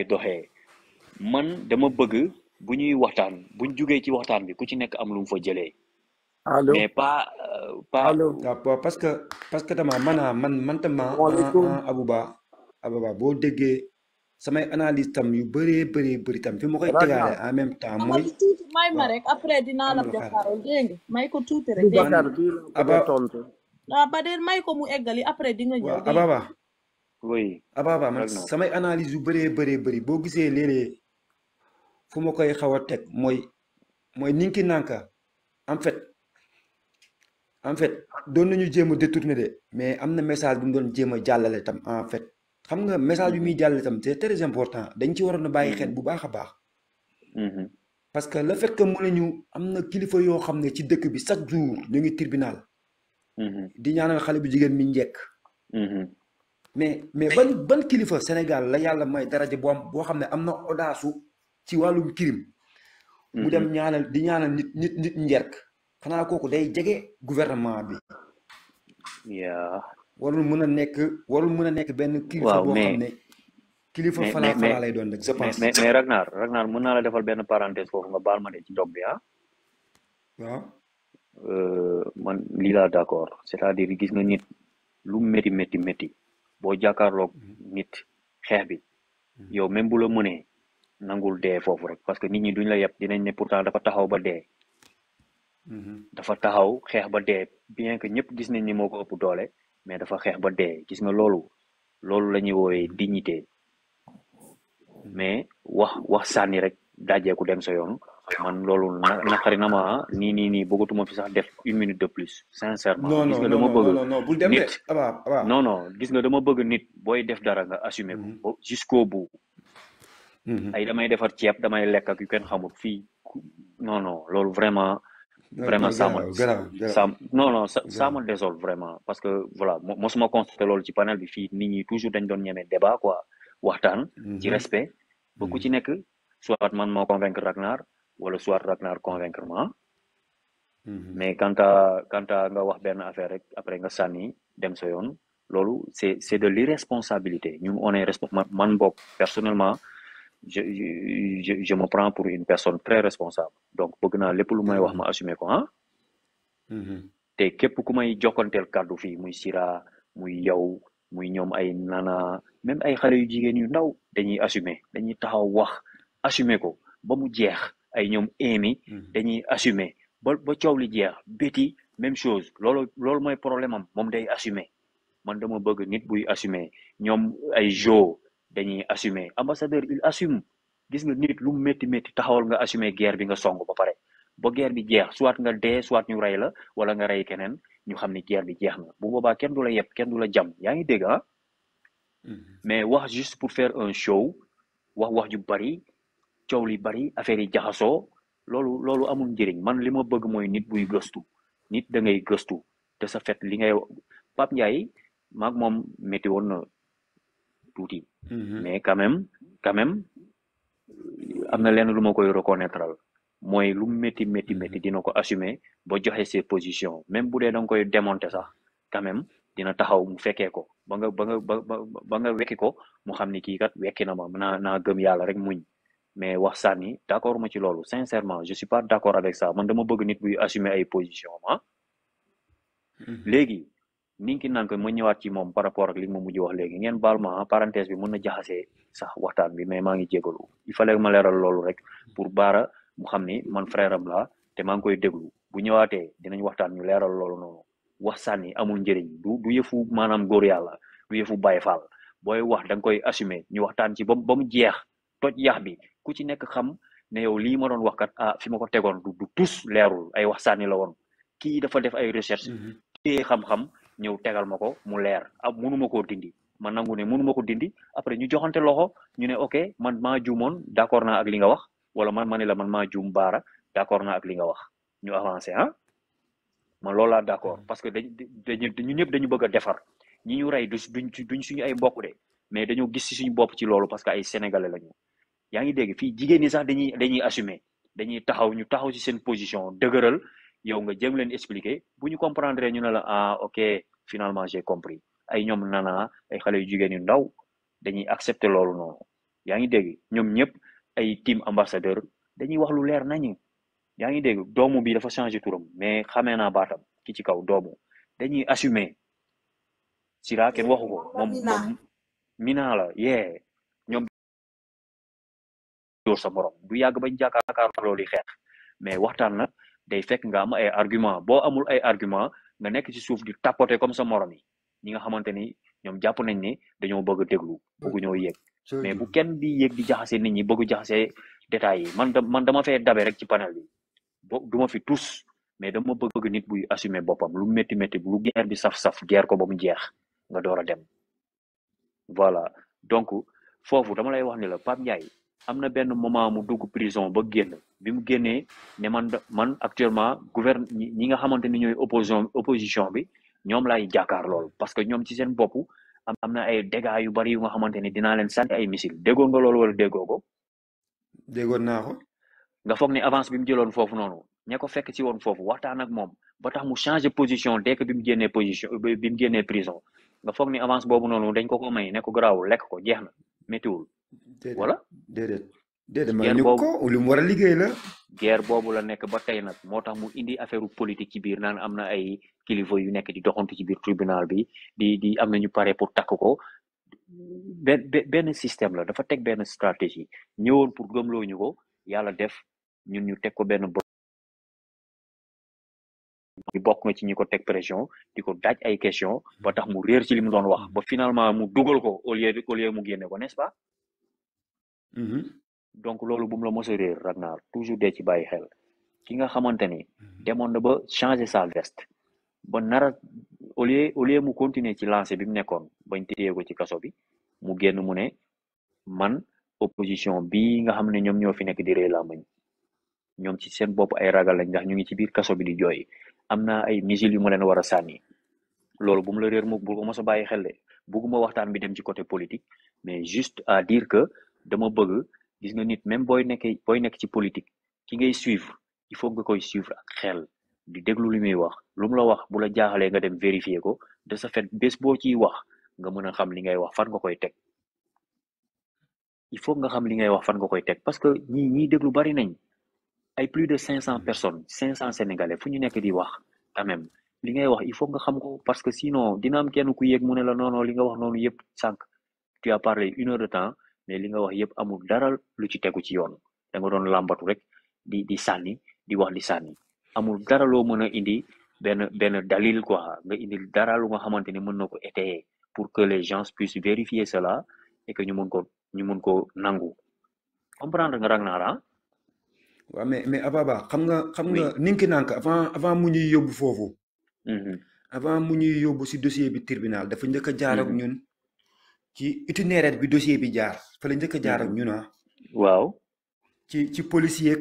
doxee man dama bëgg bu ñuy waxtaan bu ñu joggé ci waxtaan bi ku ci nekk am lu mu fa jëlé allô mais pas pas allô parce que parce que dama mana ah, man man tama abouba ah, ah, abouba bo déggé samay analyse tam yu bëree bëri bëri tam fi mu koy tegaale en même temps moy may ma rek après dina e la defaral dégg déng may ko tuuti rek dégg nga aba ba may ko mu eggali après di nga jox ababa oui ababa ah, man samay analyse yu bëree bëree bëri boo gisee léeg fu ma koy xaw a teg mooy mooy ninki nanka en fait en fait doon nañu jéem a détourner de mais am na message bu mu doon jéem a jàllale tam en fait xam nga message bi muy jàllale tam c'est très important dañ ci waroon a bàyyi xel bu mm-hmm. baax a baax mm-hmm. parce que la fait que mu nañu am na kilifa yoo xam ne ci dëkk bi chaque jour ñu ngi tribunal mm-hmm. di ñaanal xale bu jigéen mi njëkk mais mais ban ban kilifa Sénégal la yàlla may daraja boo am boo xam ne am na odaasu ci wàllum crime mu dem mhm. ñaanal di ñaana nit nit nit njerk xanaa kooku day jege gouvernement bi. yaa warul mën a nekk warul mën nekk benn. kilifa boo xam ne kilifa falaa falaa lay doon rek je pense. mais Ragnar Ragnar mën naa la defal benn parenthèse foofu nga baal ma de ci dog bi ah. waaw. Euh, man lii laa d'accord c'est-à-dire gis nga nit lu métti métti métti. boo jàkkaarloog mm-hmm. nit xeex bi mm-hmm. yow même bu la mënee nangul dee foofu rek parce que nit ñi duñ la yeb dinañ ne pourtant dafa taxaw ba dee mm-hmm. dafa taxaw xeex ba dee bien que ñëpp gis nañ ni moo ko ëpp doole mais dafa xeex ba dee gis nga loolu loolu la ñuy woowee dignité mais wax wax sànni rek dajeeku dem sa yoon man loolu naqari na ma nii nii nii bëggatuma fi sax def une minute de plus sincèrement. gis nga dama bëgg de aba gis nga dama bëgg nit booy def dara nga assume ko mhm. jusqu'au bout. Mhm. ay damay defar ceeb damay lekk ak yu kenn xamul fii non non loolu vraiment. vraiment ça me non non ça me désole vraiment parce que voilà mosuma constaté loolu ci panel bi fii nit ñi toujours dañ doon ñeme débat quoi waxtaan. ci mhm. respect ba ku ci nekk soit man moo convaincre Ragnar. wala soir rek naar convaincre ma mais mhm. quand ta quand ta nga wax ben affaire rek après nga sànni dem sa yone je c'est c'est de l'irresponsabilité ñun on est responsable man je, personnellement je, je je me prends pour une personne très responsable donc bëgg na lépp lu may wax mhm. ma assumer ko je, mhm. té képp ku may jokontel je, je, muy sira muy yow muy ñom ay nana même ay xalé yu jigen yu ndaw dañuy assumer dañuy taxaw wax assumer ko ba mu jeex ay ñoom émi mhm. dañuy assumer ba ba coow li jeex béti même chose loolu loolu mooy problème am moom day assumer man dama bëgg nit buy assumer ñoom ay jo dañuy assumer ambassadeur il assume gis nga nit lu mu métti métti taxawal nga assumer guerre bi nga song ba pare ba guerre bi jeex soit nga dee soit ñu rey la wala nga rey keneen ñu xam ni guerre bi jeex na bu boobaa kenn du la yeb kenn du la jam yaa ngi dégg ah mhm. mais wax juste pour faire un show wax wax ju bari coow li bari affaire yi jaxasoo loolu loolu amul njëriñ man li ma bëgg mooy nit buy gëstu nit da ngay gëstu te sa fet li ngay Pape Ndiaye maag moom métti woon na tuuti. Mhm. mais quand même quand même am na lenn lu ma koy reconnaître mooy lu métti métti métti mhm. dina ko assume ba joxe ses positions même bu dee da nga koy démonter sax quand dina taxaw mu fekkee ko ba nga ba nga ba ko mu xam ne kii kat wekki na ma naa naa gëm yàlla rek muñ. mais wax sànni d' accord ma ci lolu sincèrement je suis pas d'accord avec ça man dama bëgg nit buy assumer ay position ah. mhm. légui ni Ninki nank ma ñëwaat ci mom par rapport ak li mu mujj wax légui ngeen balma ah, parenthèse bi mëna jaxassé sax waxtaan bi mais ma ngi jégalu il fallait ma léral lolu rek pour bara mu xamni ni man frère am la té ma ngi koy déglu bu ñëwaaté dinañ waxtaan ñu léral lolu noonu wax sànni amul njëriñ du du yëfu manam gor yalla du yëfu baye Faal Boy wax dang koy assumer ñu waxtaan ci bam bam jeex toj yah bi ku ci neo xam ne yow li ma doon wax kat ah fi ma ko tegon du du tous leerul ay wax sani la won ki dafa def ay recherche mhm. téye xam-xam ñew tegal mako mu leer ab ah, munu mako dindi ma nangu ne munu mako dindi après ñu joxante loxo ñu ne ok man ma jumon d'accord na ak li nga wax wala man ma la man ma jum bara d'accord na ak li nga wax ñu avancer hein ah. ma lola d'accord mhm. parce que dañ ñu ñep dañu bëgg défar defar ñi ñu ray duñ duñ suñu ay mbokk de mais dañu gis ci suñu bop ci lolu parce que ay sénégalais lañu yaa ngi dégg fii jigéen ñi sax dañuy dañuy assumer dañuy taxaw ñu taxaw ci seen position dëgëral yow nga jéem leen expliquer bu ñu comprendre ñu ne la ah ok finalement j'ai compris ay ñoom nana ay xale yu jigéen yu ndaw dañuy accepter loolu noonu yaa ngi dégg ñoom ñëpp ay team ambassadeur dañuy wax lu leer nañu yaa ngi dégg doomu bi dafa changer turam mais xamee naa baatam ki ci kaw doomu dañuy assumer Sira ken waxu mom moom Mina la yee door sa morom du yàgg bañ lo li xex mais waxtan na day fekk nga am ay argument bo amul ay argument nga nek ci souf di tapoter comme sa morom yi ñi nga xamanteni ni japp nañ ni dañu bëgg déglu bëgg ñoo yegg mais bu kenn di yegg di jaxase nit ñi bëgg jaxase détails yi man man dama fay dabé rek ci panel bi bo fi tous mais dama bëgg nit buy assumer bopam lu metti metti lu guerre bi saf-saf guerre ko bamu jeex nga doora dem voilà donc fofu dama lay wax ni la pam ñay am na benn moment mu dugg prison ba génn bi mu génnee ne man man actuellement gouverne ñi nga xamante ni ñooy opposition opposition bi ñoom laay jàkkaar lool parce que ñoom ci seen bopp am na ay dégâts yu bari yu nga xamante ni dinaa leen sànni ay missile déggoon nga loolu wala déggoo ko. déggoon naa ko. nga foog ni avance bi mu jëloon foofu noonu ña ko fekk ci woon foofu waxtaan ak moom ba tax mu changé position dès que bi mu génnee prison nga foog ni avance boobu noonu dañ ko ko may ne ko garaawul lekk ko jeex na méttiwul voilà déedéet déedéet ma ñu ko lu mu war a liggéey la guerre boobu la nekk ba tey nag moo tax mu indi affaire politique ci biir naan am na ay kilifa yu nekk di doxantu ci biir tribunal bi di di am na ñu pare pour takk ko benn benn système la dafa teg benn stratégie ñëwoon pour gëmloo ñu ko yàlla def ñun ñu teg ko benn bo ñu bokk na ci ñi ko teg pression di ko daaj ay question ba tax mu réer ci li mu doon wax ba finalement mu dugal ko au lieu au lieu mu génne ko n'est-ce pas Mm-hmm. donc loolu bu la mos a réer Ragnar toujours dee ci bàyyi xel ki nga xamante ni mm-hmm. demoon na ba changé sa vest ba nara au au lieu mu continuer ci lancé bi mu nekkoon bañ téye ko ci kaso bi mu génn mu ne man opposition bi nga xam ne ñoom ñoo fi nekk di rey làmbañ ñoom ci seen bopp ay ragal lañ ndax ñu ngi ci biir kaso bi di jooy am na ay missiles yu ma leen war a sànni loolu bu la réer mu bu ko mos a bàyyi xel de bugguma waxtaan bi dem ci côté politique mais juste à dire que dama bëgg gis nga nit même booy nekkee booy nekk ci politique ki ngay suivre il faut nga koy suivre ak xel di déglu li muy wax lu mu la wax bu la jaaxalee nga dem vérifier ko de sa fait bés boo ciy wax nga mën a xam li ngay wax fan nga koy teg il faut nga xam li ngay wax fan nga koy teg parce que ñi ñiy déglu bari nañ ay plus de 500 personnes 500 sénégalais fu ñu nekk di wax quand même li ngay wax il faut nga xam ko parce que sinon dina am kenn ku yéeg mu ne la non non li nga wax noonu yépp sànq tu as parlé une heure de temps ne li nga wax yëpp amul dara lu ci tegu ci yoon da nga doon lambatu rek di di sànni di wax di sànni amul dara loo mën a indi benn benn dalil quoi nga indi dara lu nga xamante ni mën na ko étayer pour que les gens puissent vérifier cela et que ñu mën ko ñu mën ko nangu comprendre nga rang naa waaw mais mais ababa xam nga xam nga ninki nank avant avant mu ñuy yóbbu foofu mhm. avant mu ñuy yóbbu si dossier bi tribunal dafa njëkk a jaar ak mhm. ñun ci itinéraire bi dossier bi jaar fa la njëkk a jaar ak mm-hmm. ñu na ah. waaw ci ci policier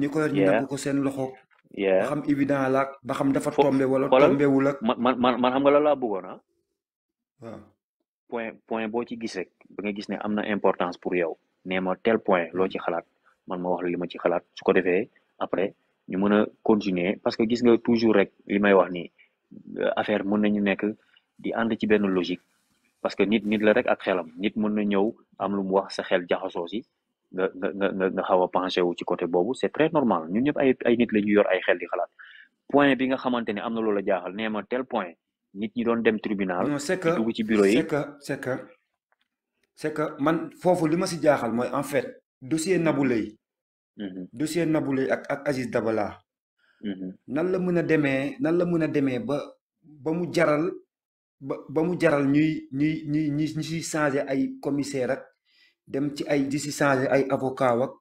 ñi ko yor ñu ko seen loxo ba xam évident la ba xam dafa tombé wala tombéwul ak man man man xam nga la laa bëggoon ah waaw point boo ci gis rek ba nga gis ne am na importance pour yow nee ma tel point loo ci mm-hmm. xalaat man ma wax la li ma ci xalaat su ko defee après ñu mën a continuer parce que gis nga toujours rek li may wax nii euh, affaire mën ñu nekk di ànd ci benn logique parce que nit nit la rek ak xelam nit mën na ñëw am lu mu wax sa xel jaxasoo ci nga nga nga nga xaw a wu ci côté bobu c'est très normal ñun ñep ay ay nit la ñu yor ay xel di xalaat point bi nga xamante amna lolu la loola jaaxal nee tel point nit ñi doon dem tribunal. non c'est que ci bureau yi c'est que c'est que c'est que man fofu li ma si jaaxal mooy en fait dossier Nabou -hmm. dossier Nabou ak ak Aziz Dabala. -hmm. nan la mëna démé nan la mëna démé ba ba mu jaral. ba ba mu jaral ñuy ñuy ñuy ñi ñu si changé ay commissaire ak dem ci ay di si changé ay avocat ak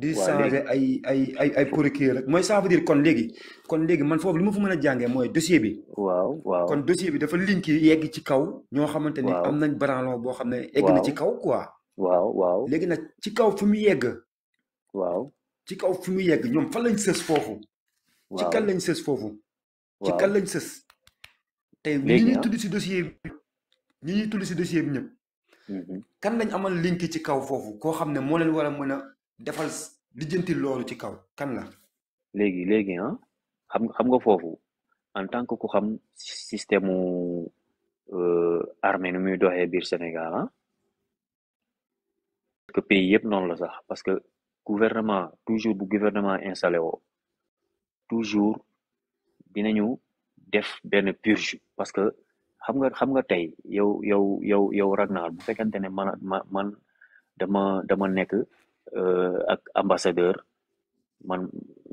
di changé ay ay ay ay procureur ak mooy ça veut kon léegi kon léegi man foofu li ma fa mën a jàngee mooy dossier bi waaw waaw kon dossier bi dafa linki yegg ci kaw ñoo xamante ni am nañ branlon boo xam ne egg na ci kaw quoi waaw waaw léegi nag ci kaw fu mu yegg waaw ci kaw fu mu yegg ñoom fan lañ sës foofu ci kan lañ sës foofu ci léegi ñi ñuy ah. tudd si dossier bi ñi ñuy tudd dossier bi ñëpp. Mm-hmm. kan lañ amal link ci kaw foofu koo xam ne moo leen war a mën a defal lijjanti loolu ci kaw kan la. léegi léegi ah xam xam nga foofu en tant que ku xam système euh, armée nu muy doxee biir Sénégal ah. que pays yëpp noonu la sax parce que gouvernement toujours bu gouvernement installé woo toujours dinañu. def benn purge parce que xam nga xam nga tey yow yow yow yow Ragnar bu fekkente ne man ma man dama dama nekk euh, ak ambassadeur man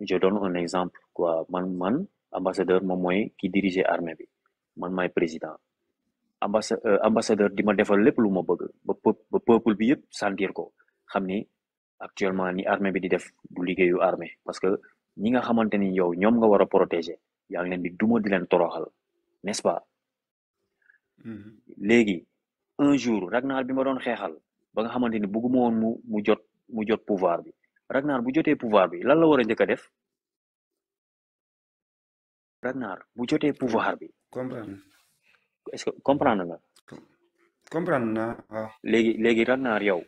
je donne exemple quoi man man ambassadeur moom mooy ki diriger armée bi man may président ambassa euh, ambassadeur di ma defal lépp lu ma bëgg ba ba peuple bi yëpp sentir ko xam ni actuellement ni armée bi di def du liggéeyu armée parce que ñi nga xamante ni yow ñoom nga war a protéger yaa ngi leen di duma di leen toroxal n'est-ce pas. Mm-hmm. léegi un jour Ragnar bi ma doon xeexal ba nga xamante ni bëgguma mu mu jot mu jot pouvoir bi Ragnar bu jotee pouvoir bi lan la war a njëkk def. Ragnar bu jotee pouvoir bi. comprendre est-ce que comprendre nga. comprendre naa waaw. léegi léegi Ragnar yow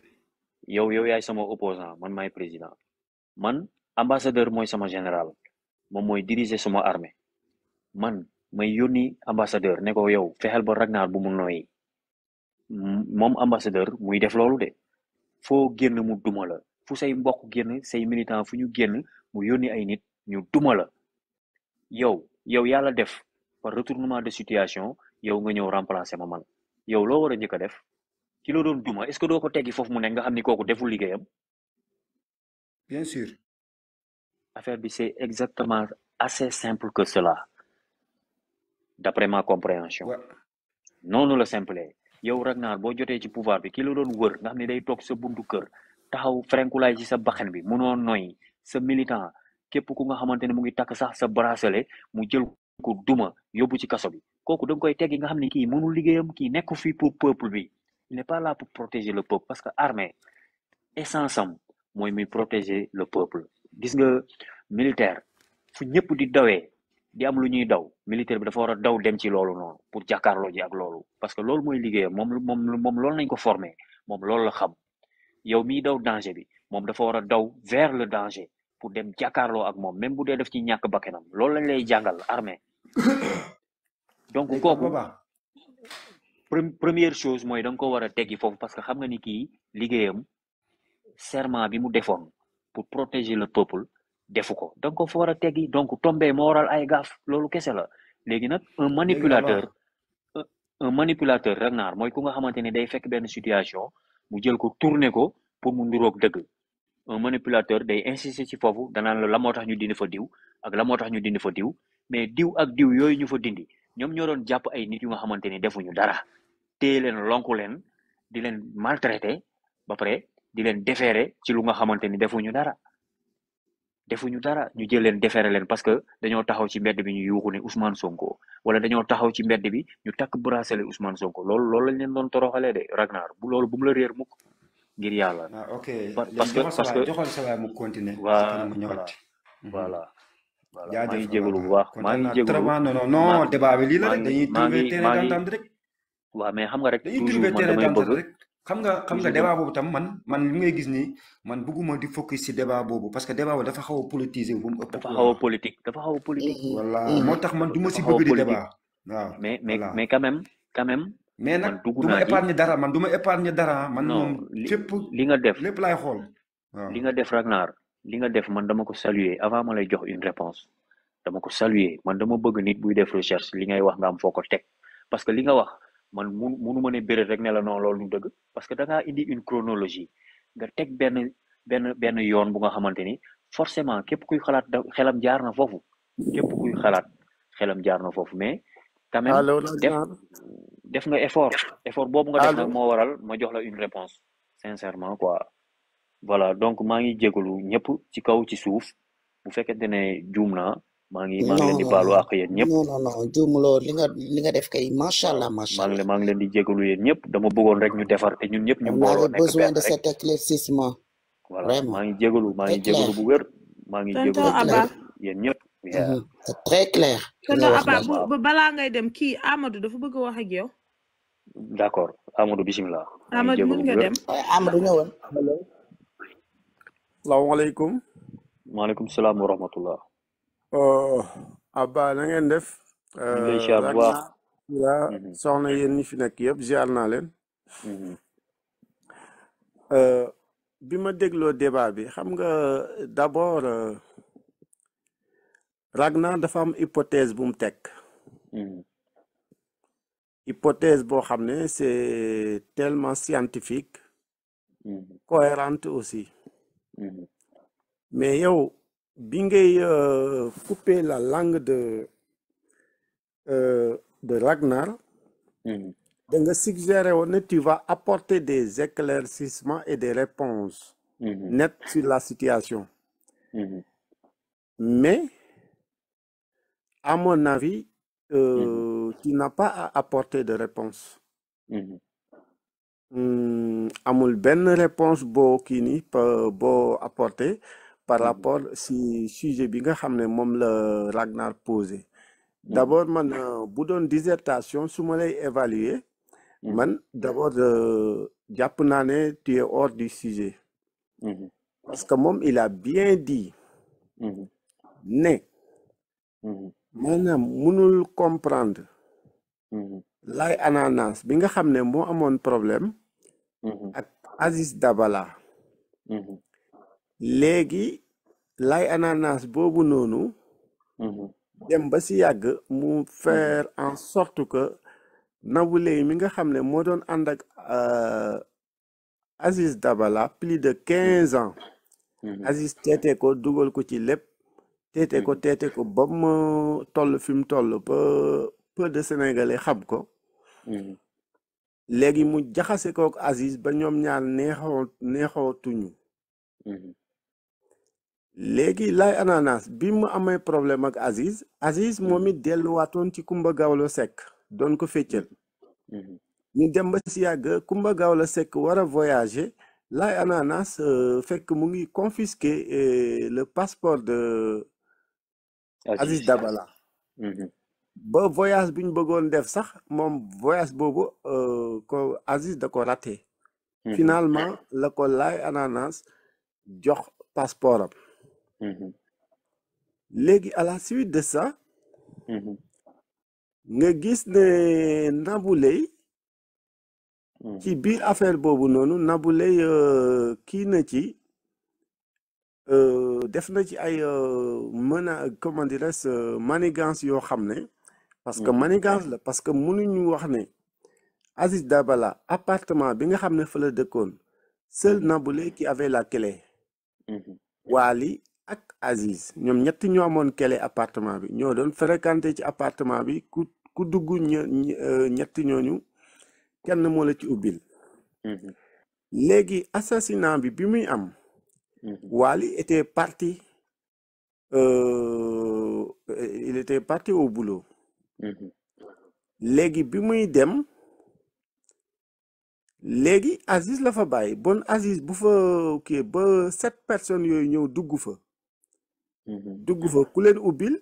yow yow yaay sama opposant man maay président man ambassadeur mooy sama général moom mooy diriger sama armée man may yónni ambassadeur ne ko yow fexeel ba Ragnar bu mu nooyi moom ambassadeur muy def loolu de foo génn mu duma la fu say mbokk génn say militant fu ñu génn mu yónni ay nit ñu duma la yow yow yàlla def par retournement de situation yow nga ñëw remplacer ma man yow loo war a njëkk def ki la doon duma est-ce que doo ko teggi foofu mu nekk nga xam ni kooku deful liggéeyam. bien sûr. affaire bi c'est exactement assez simple que cela. d'après ma compréhension. noonu la simple yow Ragnar boo jotee ci pouvoir bi ki la doon wër nga xam day toog sa buntu kër taxaw frenkulaay ci sa baxan bi munoo noy sa militant képp ku nga xamante ne mu ngi takk sax sa bracelet mu jël kou duma yóbbu ci kaso bi kooku da nga koy teggi nga xam ne kii mënul liggéeyam kii nekk fii pour peuple bi il n'est pas là pour protéger le peuple parce que armée essence am mooy muy protéger le peuple gis nga militaire fu ñëpp di dawee di am lu ñuy daw militaire bi dafa war a daw dem ci loolu noonu pour jàkkaarloo ji ak loolu parce que lolu mooy liggéeyam moom moom moom loolu nañ ko formé moom loolu la xam yow miy daw danger bi moom dafa war a daw vers le danger pour dem jàkkaarloo ak moom même bu dee def ci ñàkk bakkanam loolu lañ lay jàngal armée donc kooku première chose mooy da nga ko war a teggi foofu parce que xam nga ni kii liggéeyam serment bi mu defoon pour protéger le peuple defu ko da nga a teggi donc tombé moo waral ay gaaf loolu kese la léegi nag un manipulateur un manipulateur Ragnar mooy ku nga xamante ne day fekk benn situation mu jël ko tourner ko pour mu nduroog dëgg un manipulateur day insister ci foofu danaan la la moo tax ñu dindi fa diw ak la moo tax ñu dindi fa diw mais diw ak diw yooyu ñu fa dindi ñoom ñoo jàpp ay nit yu nga xamante ni defuñu dara téye leen lonku leen di leen maltraité ba pare di leen déféré ci lu nga xamante ni defuñu dara defuñu dara ñu jël leen defere leen parce que dañoo taxaw ci mbedd bi ñu yuuxu ne Ousmane Sonko wala dañoo taxaw ci mbedd bi ñu takk bracelet Ousmane Sonko lool loolu lañ leen doon toroxalee de Ragnar bu lool bu mu la réer mukk ngir yàlla. ah ok parce que parce que joxoon sa waay mu continuer. voilà voilà. jaajëf maa ngi jégalu bu baax maa ngi jégalu ah, non non débat bi waaw mais xam nga rek toujours man damay bëgg xam nga xam nga débat boobu tam man man li ngay gis nii man bëgguma di focus si débat boobu parce que débat boobu dafa xaw a politisé bu mu ëpp. dafa xaw a politique dafa xaw a politique. Mmh. voilà mmh. moo tax man du si bëgg di débat. waaw mais mais mais quand même quand même. mais nag du dara man du ma épargne dara. man moom lépp li nga def lépp laay xool. li nga def Ragnar li nga def man dama ko saluer avant ma lay jox une réponse dama ko saluer man dama bëg nit buy def recherche li ngay wax nga am foo ko teg parce que li nga wax. man mun munu ma ne rek ne la non loolu du dëgg parce que da ngaa indi une chronologie nga teg benn benn benn yoon bu nga xamante ni forcément képp kuy xalaat da xelam jaar na foofu képp kuy xalaat xelam jaar na foofu mais quand même def def nga effort effort boobu nga def nag moo waral ma jox la une réponse sincèrement quoi voilà donc maa ngi jégalu ñëpp ci kaw ci suuf bu fekkente ne juum mangi ngi maa di balu ak nah, nyep. No non non non lo li nga li nga def kay macha allah macha allah maa ngi di nyep yéen rek ñu defar te ñun ñëpp ñu mbooloo nekk besoin de cet éclaircissement voilà maa nyep. Ya. maa bu bu c'est très clair tonton Abba balaa ngay dem kii Amadou dafa bëgg bismillah Amadou nga dem eh, Amadou oh Abba na ngeen def. ñu mm-hmm. soxna yéen ñi fi nekk yëpp ziar naa leen. Mm-hmm. bi ma dégloo débat bi xam nga d'abord Ragnar dafa am hypothèse bu mu teg. Mm-hmm. hypothèse boo xam c'est tellement scientifique. cohérente aussi. mais yow. Bingé, euh, coupé la langue de euh, de Ragnar. Mm. suggéré tu vas apporter des éclaircissements et des réponses mm-hmm. nettes sur la situation. Mm-hmm. Mais, à mon avis, euh, mm-hmm. tu n'as pas à apporter de réponse. Hmm, amul ben réponse qui kii pas bo apporter par mmh. rapport si sujet que nga xam Ragnar posé mmh. d'abord abord man euh, dissertation si je l'ai évaluer mmh. d'abord, euh, je abord tu es hors du sujet parce que mom, il a bien dit ne peux mënul comprendre lay ananas bi nga xam ne amone problème ak Aziz Dabala léegi lay ananas boobu noonu. Mm-hmm. dem ba si yàgg mu faire mm-hmm. en sorte que Nabou Leye mi nga xam ne moo doon ànd ak euh, Aziz Dabala plus de quinze mm-hmm. ans. Aziz teete ko dugal ko ci lépp. teete ko teete ko ba mu toll fi mu toll peu de sénégalais xam ko. léegi mu jaxase ko Aziz ba ñoom ñaar neexoo léegi lay ananas bi mu amé problème ak Aziz Aziz mm-hmm. momi it delluwaatoon ci Kumba Gawlo sek don ko feccal mm-hmm. ñu dem ba si yàgg Kumba Gawlo sek wara voyager lay ananas euh, fekk mu ngi confisquer euh, le passeport de Aziz Dabala mm-hmm. ba voyage biñ ñu bëggoon def sax mom voyage boobu euh, ko Aziz da ko raté finalement la ko lay ananas jox passeport Mm-hmm. léegi à la suite de ça. Mm-hmm. nga gis ne Nabou Leye ci mm-hmm. biir affaire boobu noonu Nabou Leye euh, kii na ci euh, def na ci ay euh, comment dirais-je manigance yoo xam parce que manigance la parce que mënuñu wax ne Aziz Dabala appartement bi nga xam ne fa le seul Nabou qui avait la clé waali ak Aziz ñoom ñett ñoo amoon kele appartement bi ñoo doon fréquenté ci appartement bi ku ku dugg euh, ñetti ñooñu kenn moo la ci ubbil mm-hmm. léegi assassinat bi bi muy am mm-hmm. Wally était parti euh, il était parti au boulot mm-hmm. léegi bi muy dem léegi Aziz la fa bàyyi bon Aziz bu fa kii ba sept personnes yooyu ñëw dugg fa Mm-hmm. dugg fa ku leen ubbil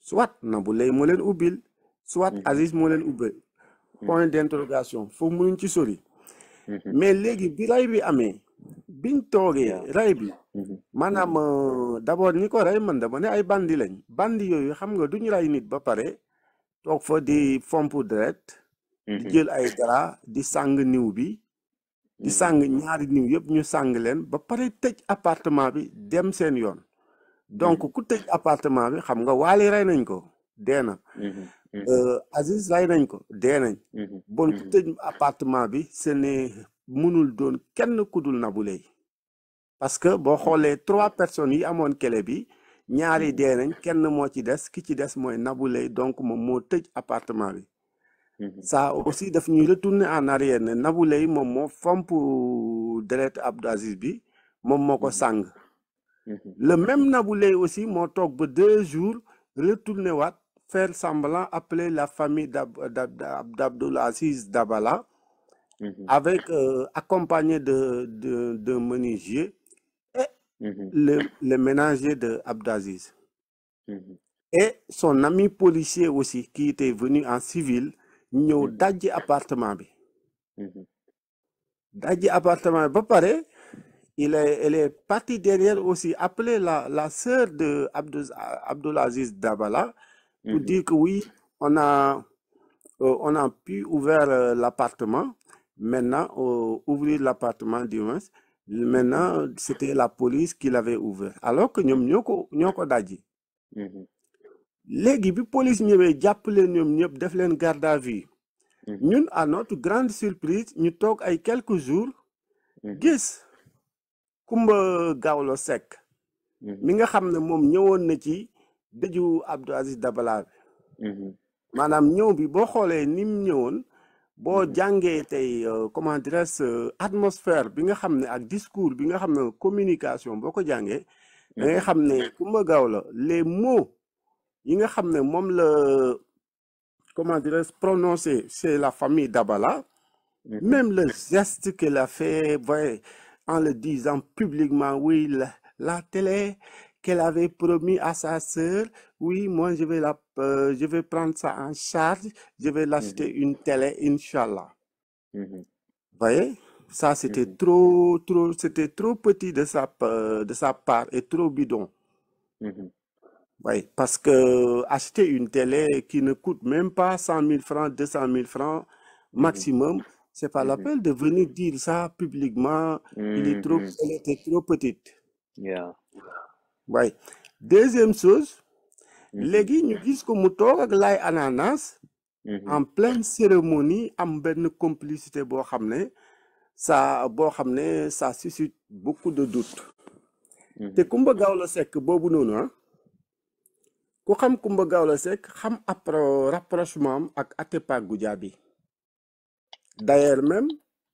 soit bu Leye moo leen ubbil soit mm-hmm. Aziz moo leen ubbil mm-hmm. point d'interrogation foofu mënuñ ci sori mais léegi bi ray bi amee biñ toogee ray bi maanaam euh, d'abord ñi ko rey man dama ne ay bandi lañ bandi yooyu xam nga duñu ray nit ba pare toog fa di fomp dret di jël ay dara di sàng niw bi di sàng ñaari niw yëpp ñu sàng leen ba pare tëj appartement bi dem seen yoon donc mm-hmm. ku tëj appartement bi xam nga waali rey nañ ko dee na. Mm-hmm. Euh, mm-hmm. Aziz rey nañ ko dee nañ. bon ku tëj appartement bi ce n'est mënul doon kenn kudul Nabou Leye parce que boo xoolee trois personnes yi amoon kele bi ñaari dee kenn moo ci des ki ci des mooy Nabou donc moom moo tëj appartement bi. saa aussi daf ñuy retourner en arrière ne Nabou moom moo fomp deret Abdou Aziz bi moom moo ko sang Mhm. le même naboulé aussi mon deux jours retourné faire semblant appeler la famille d'Abdoulaziz Aziz Dabala mhm. avec euh, accompagné de de de et mhm. le ménager de Aziz et son ami policier aussi qui était venu en civil dans dajji appartement bi appartement il est, elle est partie derrière aussi appeler la, la sœur de Aziz Dabala pour mhm. dire que oui, on a, euh, on a pu ouvrir euh, l'appartement. Maintenant, ouvrir l'appartement dimanche. Maintenant, c'était la police qui l'avait ouvert. Alors que nous avons dit. Les la police nous a appelé, nous avons garde à vie. Mhm. Nous, à notre grande surprise, nous avons quelques jours, mhm. guess Kumba Gawlo Sec, mm-hmm. mi nga xam ne moom ñëwoon na ci dëju Abdou Aziz Dabala bi mm-hmm. maanaam ñëw bi boo xoolee ni mu ñëwoon boo mm-hmm. jàngee euh, comment dirais euh, atmosphère bi nga xam ak discours bi nga communication boo ko da nga xam Kumba Gawlo les mots yi nga xam ne la comment dirais-je prononcé c'est la famille Dabala même le geste qu'elle a fait voyez en le disant publiquement, oui, la, télé qu'elle avait promis à sa sœur, oui, moi je vais, la, euh, je vais prendre ça en charge, je vais l'acheter mhm. une télé, Inch'Allah. Mhm. Vous voyez Ça, c'était mhm. trop, trop, c'était trop petit de sa, euh, de sa part et trop bidon. Oui, parce que acheter une télé qui ne coûte même pas 100 000 francs, 200 000 francs maximum, c'est pas l'appel -hmm. de venir dire ça publiquement. Il est trop, mm-hmm. elle était trop petite. Yeah. Ouais. Deuxième chose, mm-hmm. les ñu gis ko mu toog ak Laye Ananas. Mm-hmm. en pleine cérémonie am pleine complicité Bo Hamne, ça bo Hamne, ça suscite beaucoup de doutes. te Kumba Gawlo Seck boobu noonu ah ku xam Kumba Gawlo Seck xam rapprochement am ak Atepa Goudiaby D'ailleurs même,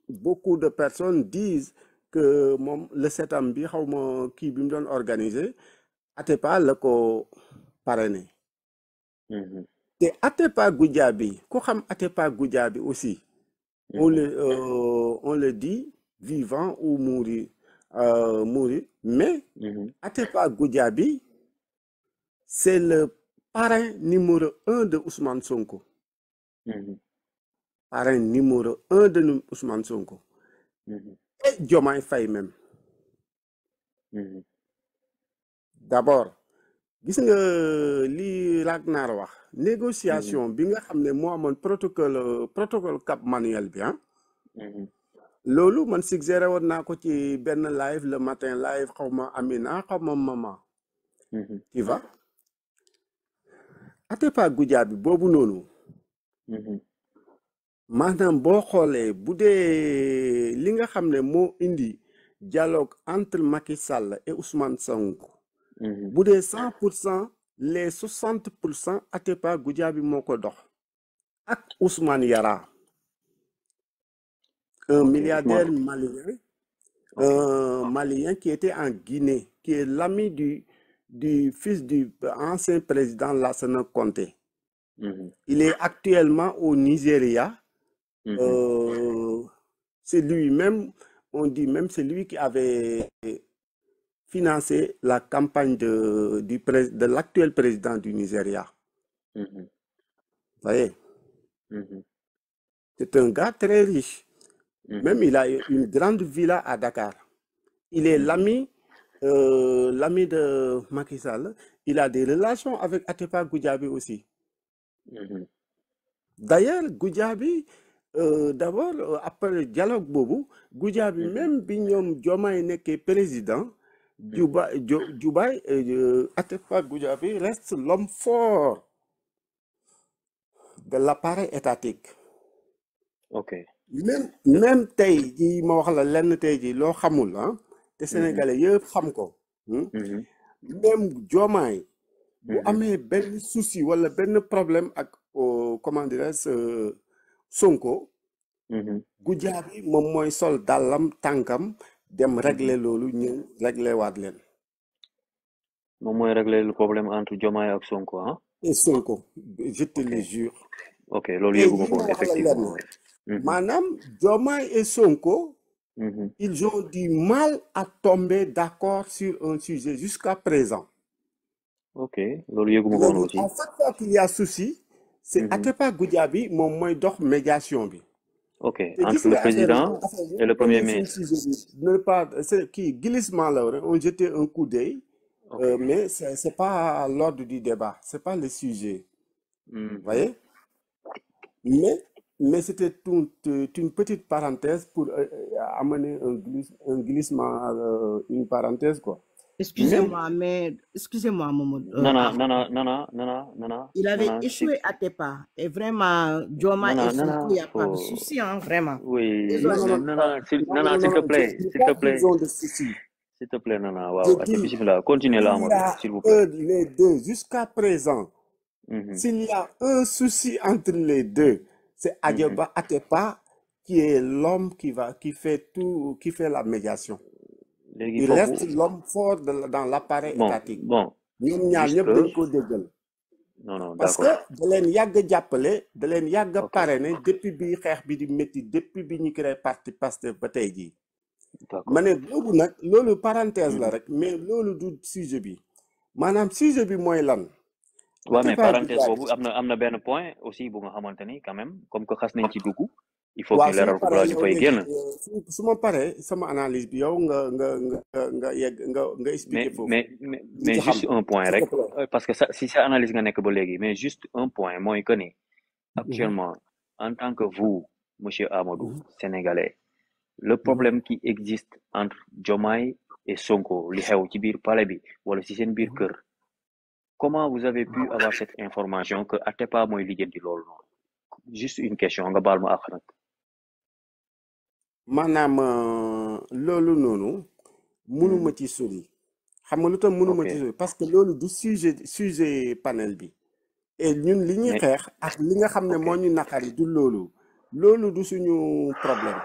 beaucoup de personnes disent que le setam bi qui ma organisé, bi pas le organisé Atepa la ko parrainé mhm. te pas Goudiaby ku xam pas Goudiaby aussi on mhm. le euh, on le dit vivant ou mourir euh, mourir mais mhm. pas Goudiaby c'est le parrain numéro un de Ousmane Sonko. parrain numéro un de nu Ousmane Sonko. Mm-hmm. et Diomaye Faye même. Mm-hmm. d'abord gis nga euh, li Ragnar wax. négociation mm-hmm. bi nga xam ne moo amoon protocole euh, Cap Manuel bi ah. man suggéré woon naa ko ci benn live le matin live xaw ma Amina xaw ma maman. tu vois. Atepa Goudiaby bi boobu noonu. Maintenant, boo le, li nga indi dialogue entre Macky Sall et Ousmane Sonko. Mhm. boudé 100% les 60% pour pas Atepa moko ak Ousmane Yara. un milliardaire malien. malien qui était en Guinée qui est l'ami du du fils du ancien président Lassana Conté. Mhm. il est actuellement au Nigeria. Mmh euh, c'est lui-même, on dit même c'est lui qui avait financé la campagne de, l'actuel président du Nigeria. Mmh Vous voyez mmh C'est un gars très riche. Même il a une grande villa à Dakar. Il est l'ami euh, l'ami de Macky Sall. Il a des relations avec Atepa Goudjabi aussi. D'ailleurs, Goudjabi, euh, d'abord euh, après le dialogue boobu Goudiaby bi mm-hmm. même bi ñoom Diomaye nekkee président mm-hmm. Diomaye Diomaye euh, Atepa Goudiaby reste l'homme fort de l'appareil étatique ok même même tey jii ma wax la lenn tey jii loo xamul ah te mm-hmm. sénégalais yëpp xam ko hmm? même Diomaye bu amee benn souci wala benn problème ak oh, comment dirais-je Sonko. Mm-hmm. Gujari, mon moom soldat sol dàllam tànkam dem mm-hmm. régler lolu régler régler le problème entre Diomaye et Sonko hein? et Sonko je te le jure. ok lolu yëguma ko effectivement mm-hmm. Madame, Diomaye et Sonko. ils ont du mal à tomber d'accord sur un sujet jusqu'à présent. ok loolu yëguma ko aussi. en fait, quand il y a souci. C'est à mm-hmm. Atepa Goudiabi, mon moi mooy médiation bi. ok entre le président et le premier ministre. ne c'est qui glissement là, on jetait un coup d'œil euh, mais ce n'est pas l'ordre du débat ce n'est pas le sujet. Mm-hmm. vous voyez mais mais c'était une petite parenthèse pour euh, euh, amener un glissement une parenthèse quoi. Excusez-moi, mmh. mais excusez-moi, Momo. Euh, non, non, non, non, non, non, non, Il avait échoué à tes Et vraiment, Dioma est surtout, il n'y a pas de souci, hein, vraiment. Oui, non, non, s'il te plaît, s'il te plaît. S'il te plaît, non, non, continuez là, s'il vous plaît. Les deux, jusqu'à présent, mmh s'il y a un souci entre les deux, c'est mmh Adioba Atepa qui est l'homme qui va, qui fait tout, qui fait la médiation il reste l'homme fort dans l'appareil étatique. bon ñoom ñaar ñëpp dañ de déggal. non non parce que de l'en yàgg a jàppale da leen yàgg a parrainé depuis bi xeex bi di metti, depuis bi ni créé parti Pastef ba tey jii. ma ne boobu parenthèse la mm-hmm. rek mais loolu du sujet bi Manam sujet bi moy lan. waaw mais parenthèse bobu, amna, amna ben point aussi bu nga xamante quand même comme que xas nañ ci dugg il faut que leeral de fay génn su ma paree sama analyse bi yow nga nga nga nga mais mais mais juste un point rek euh, parce que ça, si c'est analyse nga nekk ba léegi mais juste un point Moi, je connais actuellement mhm. en tant que vous M. Amadou mhm. sénégalais le mhm. problème qui existe entre Jomai et Sonko li xew ci biir palais bi wala si biir kër comment vous avez pu avoir cette information que Atepa eu lijjanti loolu noonu juste une question nga maanaam euh, Lolo nono, mënuma hmm. ci souri xam nga lu ci souri parce que loolu du sujet sujet panel bi. et ñun li ñuy xeex ak li nga xam ne ñu du loolu. loolu du suñu problème.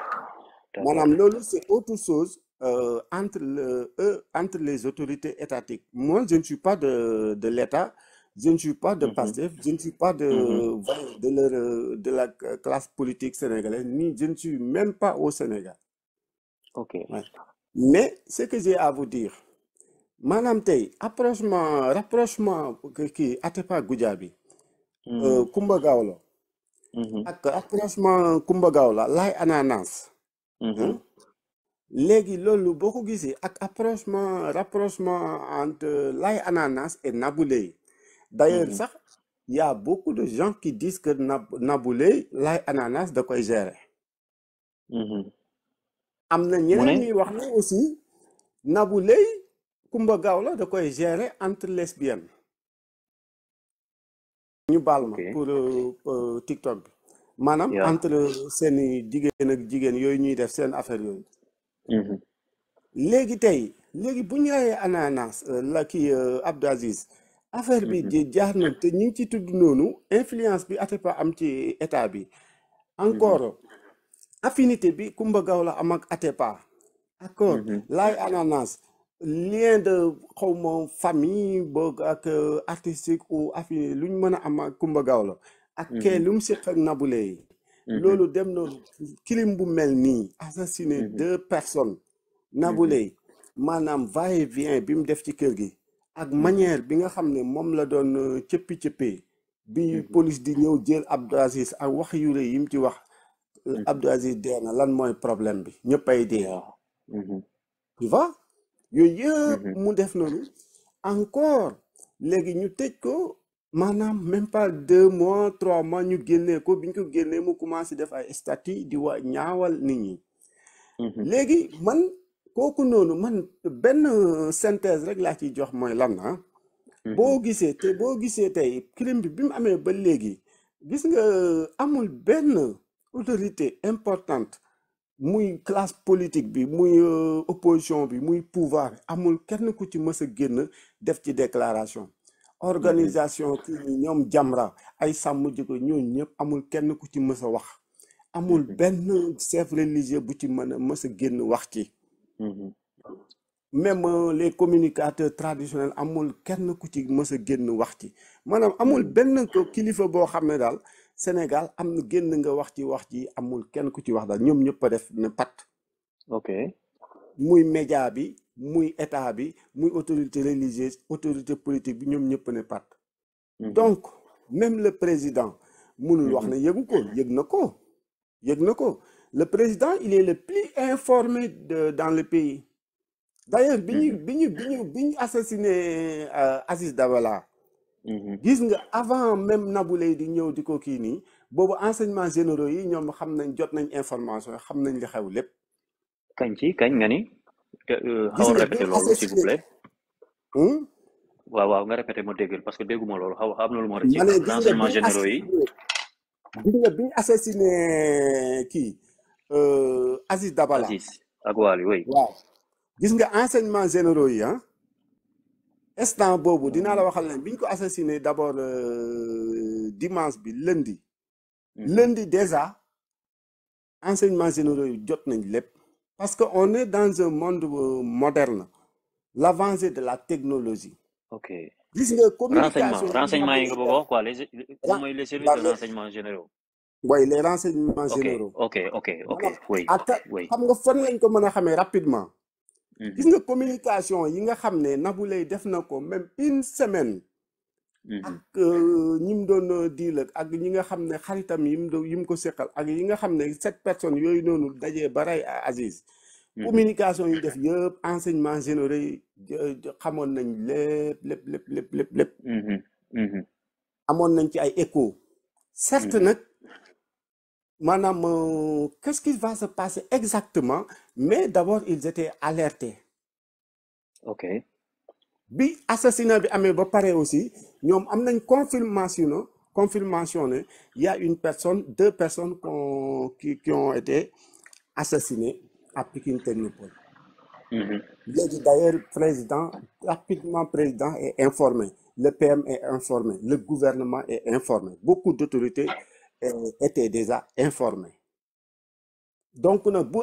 manam loolu c'est autre chose. Euh, entre le euh, entre les autorités étatiques. moi je ne suis pas de de l'État. Je ne suis pas de mm-hmm. pasteur, je ne suis pas de, mm-hmm. euh, de, la euh, classe politique sénégalaise, ni je ne suis même pas au Sénégal. OK. Mais ce que j'ai à vous dire, madame tey rapprochement, rapprochement qui n'était pas Kumba Gawlo ak approchement Kumba Ananas mm-hmm. hein? L'église loolu boo ko gisee ak approchement rapprochement entre l'ay Ananas et Naboulé D'ailleurs, mhm. sax il y a beaucoup de gens qui disent que Naboulaye l'ananas de quoi il gérer. -hmm. na ñeneen ñuy wax aussi Naboulaye Kumba Gawla quoi il gérer entre lesbiennes. Nous parlons pour euh, euh, TikTok Manam, entre les jigéen ak les yooyu ñuy def affaire yooyu. Mhm. léegi tey léegi bu là ananas euh, la qui affaire bi jaar na te ñu ngi ci tudd noonu influence bi Atepa am ci état bi encore affinité bi Kumba Gawla am ak Atepa accord mhm. laay ananas lien de xaw ma famille ak artistique ou affinité lu ñu mën a am ak Kumba Gawla ak mhm. kee lu mu nabule yi mhm. loolu dem na crime bu mel nii assassiné deux personnes nabule yi maanaam va et bi mu def ci kër gi ak manière bi nga xam ne moom la doon euh, cëppi cëppee bi mm-hmm. police di ñëw jël Abdou Aziz ak wax yu rëy yi mu ci wax euh, mm-hmm. Abdou Aziz dee na lan mooy problème bi ñëpp ay dee mm-hmm. yooyu yëpp mu def noonu encore léegi ñu tëj ko maanaam même pas deux mois trois mois ñu génnee ko bi ñu ko génnee mu commencé def ay statut di wa ñaawal nit ñi léegi man kooku noonu man ben synthèse rek la ci jox moy lan bo ah. mhm. boo té te boo tay tey crime bi bi amé ba légui gis nga amul ben autorité importante muy classe politique bi muy euh, opposition bi muy pouvoir amul kenn ku ci mës a génn def ci déclaration organisation mhm. ki ñom Jamra ay sàmm jikko ñoo ñep amul kenn ku ci mës wax amul ben chef religieux bu ci mën a génn wax ci Mm-hmm. même euh, les communicateurs traditionnels amul kenn ku ci mës a génn wax ci maanaam amul benn kilifa bo xamné dal Sénégal am na génn nga wax ci wax ci amul kenn ku ci wax dal ñom ñëpp def ne pat. ok muy média bi muy état bi muy autorité religieuse autorité politique bi ñom ñëpp ne pat. Mm-hmm. donc même le président. mënul wax mm-hmm. ne yegu ko yeg na ko yëg na ko le président, il est le plus informé de, dans le pays. D'ailleurs, biñu mhm. biñu biñu biñu assassiné euh, Aziz Dabala mhm. gis nga avant même Naboulé di ñëw di ko kii enseignement généraux yi ñoom xam nañ jot nañ information xam nañ li xew que kañ ci kañ nga ni euh, s'il vous plaît hmm? waaw waaw nga parce que dégguma ne xaw am na lu ma rëcc enseignement généraux yi gis nga assassiné qui euh, euh, Aziz Dabala. Aziz ak oui. waaw gis nga enseignement généraux yi ah. instant bobu dina la waxal ne biñ ko assassiné d'abord euh, dimanche bi lundi. Mhm. lundi déjà enseignement généraux yi jot nañ lepp parce que on est dans un monde euh, moderne l'avancée de la technologie. ok gis nga communication renseignement yi nga quoi les les services de renseignement généraux oui les renseignements généraux. ok ok ok oui oui faire rapidement. Mhm. communication yi nga xam ne fait même une semaine. Mhm. ak euh, ñi mu doon euh, diil ak ñi nga xamné xaritam ko baray Aziz. Mhm. communication yi def enseignement généraux euh, nañ lépp lépp lépp lépp Madame, euh, qu'est-ce qui va se passer exactement mais d'abord ils étaient alertés. ok bi assassinat bi amé ba aussi ñom avons confirmation confirmation Il y a une personne deux personnes qui ont été assassinées à Pikine Technopole. D'ailleurs, mm-hmm. d'ailleurs président rapidement président est informé le PM est informé le gouvernement est informé beaucoup d'autorités euh, était déjà informé. donc nous bu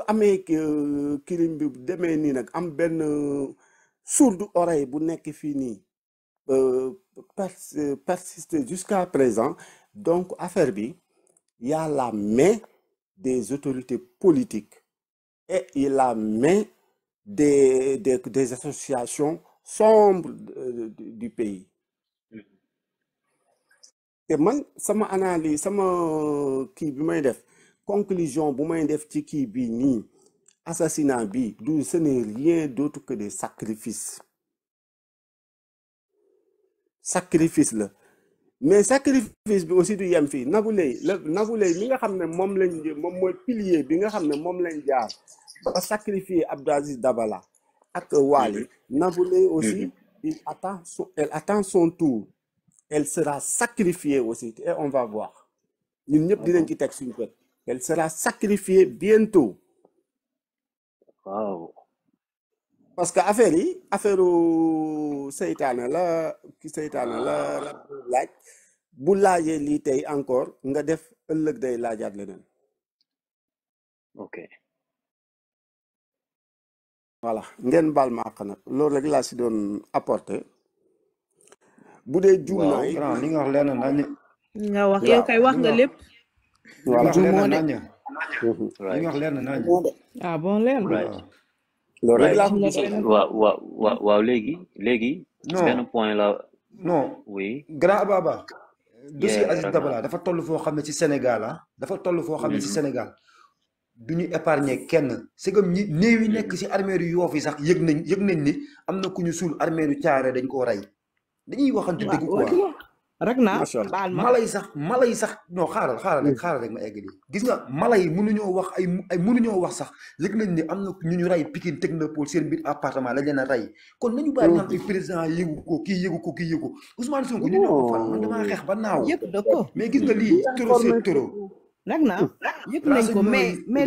que kirim gens qui nii nag am oreilles euh, sourde oreille bu euh, persiste jusqu'à présent donc affaire bi y a la main des autorités politiques et il a la main des des des associations sombres du pays et moi, sama analyse sama ça bi may conclusion bu may def ci bi ce n'est rien d'autre que des sacrifices sacrifice mais sacrifice aussi du fi. je mi nga pilier bi nga sacrifier Abdaziz Dabala ak Wali mm-hmm. aussi mm-hmm. il son elle attend son tour elle sera sacrifiée aussi et on va voir ñun ñëpp dinañ ci teg suñu bët elle sera sacrifiée bientôt waaw parce que affaire yi affaire u seytaane la ki seytaane la laaj bu laajee lii tey encore nga def ëllëg day laajaat leneen ok voilà ngeen baal ma àq nag loolu rek laa si doon apporter bu dee juum li nga wax leer na nañu. nga wax yow kay wax nga lépp. waaw juumoo de li nga wax leer na nañu. ah bon leer na. loolu rek laa ko gisee. waaw waaw waaw léegi léegi. non point la. no oui. grand Ababa. dossier Aziz Dabala dafa toll foo xam ne ci Sénégal ah. dafa toll foo xam ne ci mm-hmm. Sénégal. du ñu épargner kenn c'est comme ñi néew nekk ci arméeru Yoof yi sax yëg nañ yëg nañ ni am na ku ñu suul arméeru caaree dañ koo rey. dañuy wax dëgg quoi rek naa baal ma mala yi sax mala yi sax non xaaral xaaral rek hmm. xaaral rek ma egg nii gis nga mala yi mënuñoo wax ay nu mënuñoo wax sax yëg nañ ne am na ñu ñu rey Pikine Technopole seen biir appartement lañ leen a rey kon nañu bàyyi hmm. naan ay président yëgu ko kii yëgu ko ki yëgu ko Ousmane Sonko ñu ñëw ko fan man damaa oh. xeex ba naaw mais gis nga lii trop c'est trop rek naa hmm. yëg nañ ko mais mais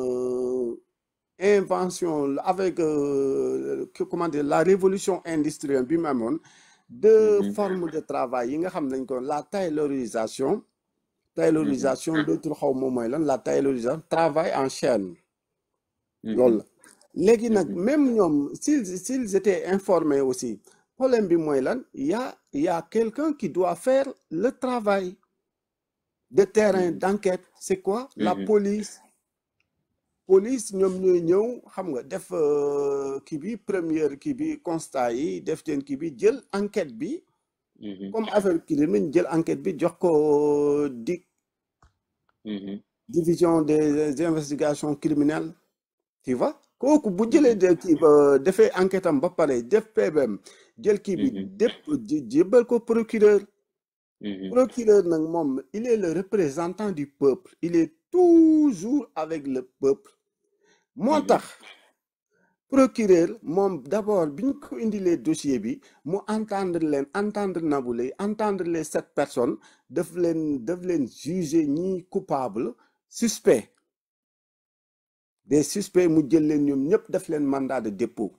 invention, avec euh, comment dire, la révolution industrielle, deux mhm. formes de travail. La taylorisation, taylorisation, mm -hmm. la taylorisation, travail en chaîne. Mhm. Mhm. Même s'ils étaient informés aussi, il y a, y a quelqu'un qui doit faire le travail de terrain d'enquête. C'est quoi La police police ñom ñoy ñëw xam nga def euh, première enquête mhm. comme affaire euh, mhm. division des investigations criminelles tu vois kooku bu mhm. jëlé euh, enquête am ba def jël procureur procureur il est le représentant du peuple il est toujours avec le peuple moo procureur d'abord bien ñu ko indilee dossier bi entendre les, entendre entendre les sept personnes daf leen juger ni coupable suspect des suspects mu jël nous, ñoom ñëpp mandat de dépôt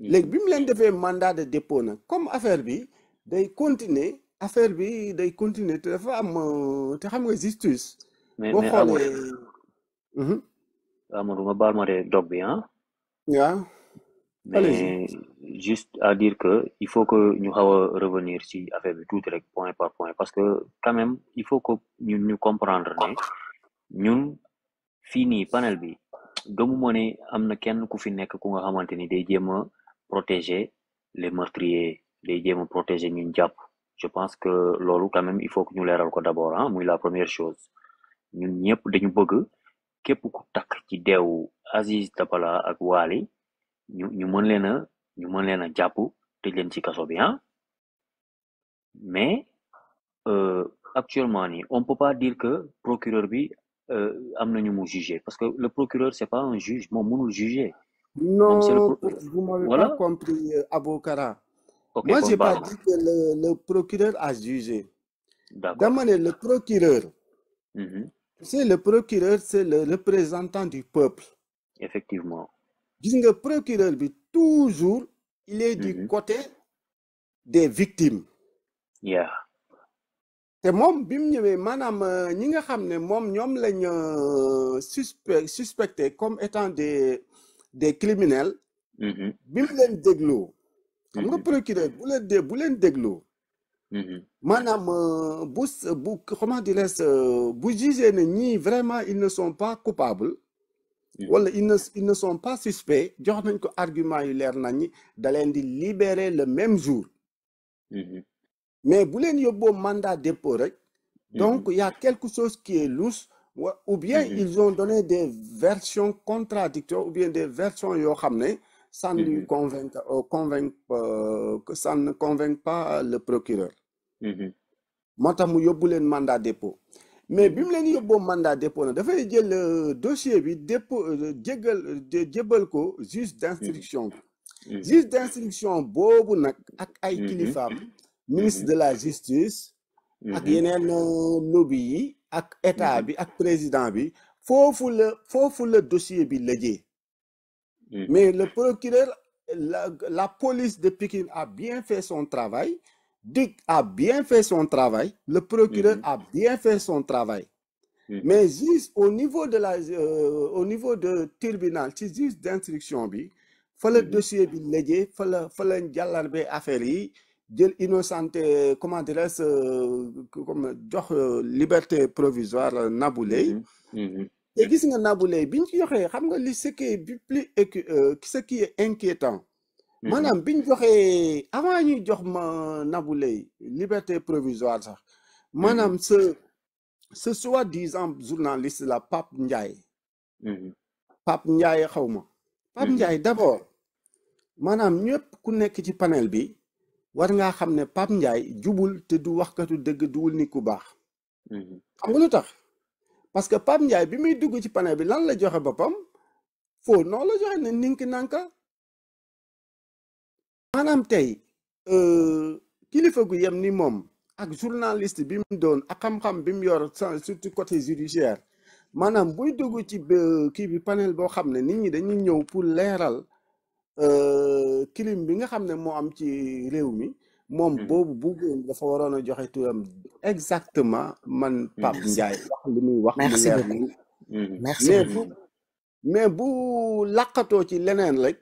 Les bi mu mandat de dépôt comme affaire bi day continuer affaire bi day continuer te dafa am te justice mais mais Amadou Amadou nga baal ma de dog bi hein? mais juste à dire que il faut que ñu xaw revenir ci affaire bi tuuti rek point par point parce que quand même il faut que ñu nous comprendre ne ñun fini panel bi gëmuma ne am na kenn ku fi nek ku nga xamante ni day protéger les meurtriers day jéem protéger ñun japp je pense que lolu quand même il faut que ñu leeral ko d'abord hein. muy la première chose ñun ñëpp dañu mais actuellement on peut pas dire que procureur bi euh, am na juger parce que le procureur c'est pas un juge moom mënul juger. non vous m'avez pas compris euh, pas bah. dit que le procureur a jugé. d'accord le procureur. Mm-hmm c'est le procureur, c'est le représentant du peuple. Effectivement. Le procureur toujours il est du mm-hmm. côté des victimes. yeah. Et moi, bi suis manam, euh, ñi nga ne euh, suspecté comme étant des des criminels. -hmm. mu leen dégloo. nga mm-hmm. procureur bu leen dé bu Mm-hmm. madame euh, comment dirais-je euh, vraiment ils ne sont pas coupables mm. ils ne sont pas suspects jox argument yu libérer le même jour mm-hmm. mais bu mandat mm-hmm. donc il y a quelque chose qui est lousse ou bien ils ont donné des versions contradictoires ou bien des versions qui ne euh, ça ne convainc pas le procureur Mm-hmm. moo tax mu yóbbu un mandat dépôt mais si vous avez un mandat dépôt nag dafay le euh, dossier de dépôt euh, de jébal ko juge d'instruction Juste mm-hmm. mm-hmm. juge d'instruction boobu vous ak ay ministre de la justice ak yeneen euh, lobby yi ak état bi ak président bi foofu le le dossier bi mais le procureur la la police de Pékin a bien fait son travail Dick a bien fait son travail, le procureur mhm. a bien fait son travail. Mhm. Mais juste au niveau de la euh, au niveau de tribunal juste d'instruction bi fa le mhm. dossier bi il fa fa le affaire euh, euh, comme liberté provisoire ce qui est inquiétant maanaam biñ joxee avant ñuy jox ma Nabou Leye liberté provisoire sax maanaam ce ce soi-disant journaliste la Pape Ndiaye Pape Ndiaye xaw ma Pape Ndiaye d'abord maanaam ñëpp ku nekk ci panel bi war nga xam ne Pape Ndiaye jubul te du waxkatu dëgg duwul ni ku baax xam nga lu tax parce que Pape Ndiaye bi muy dugg ci panel bi lan la joxe boppam foo noonu la joxe ne ninki nanka Madame tey euh, kilifa gu yam ni mom ak journaliste bi mu akam ak xam-xam bi mu yor surtout côté judiciaire manam buy dugg ci ki bi panel bo xamne nit ñi dañuy ñew pour euh kilim bi nga xamne ne am ci réew mi mom hmm. boobu bu da fa qui joxe exactement man hmm. pap wax li muy wax hmm. mais bu ci leneen rek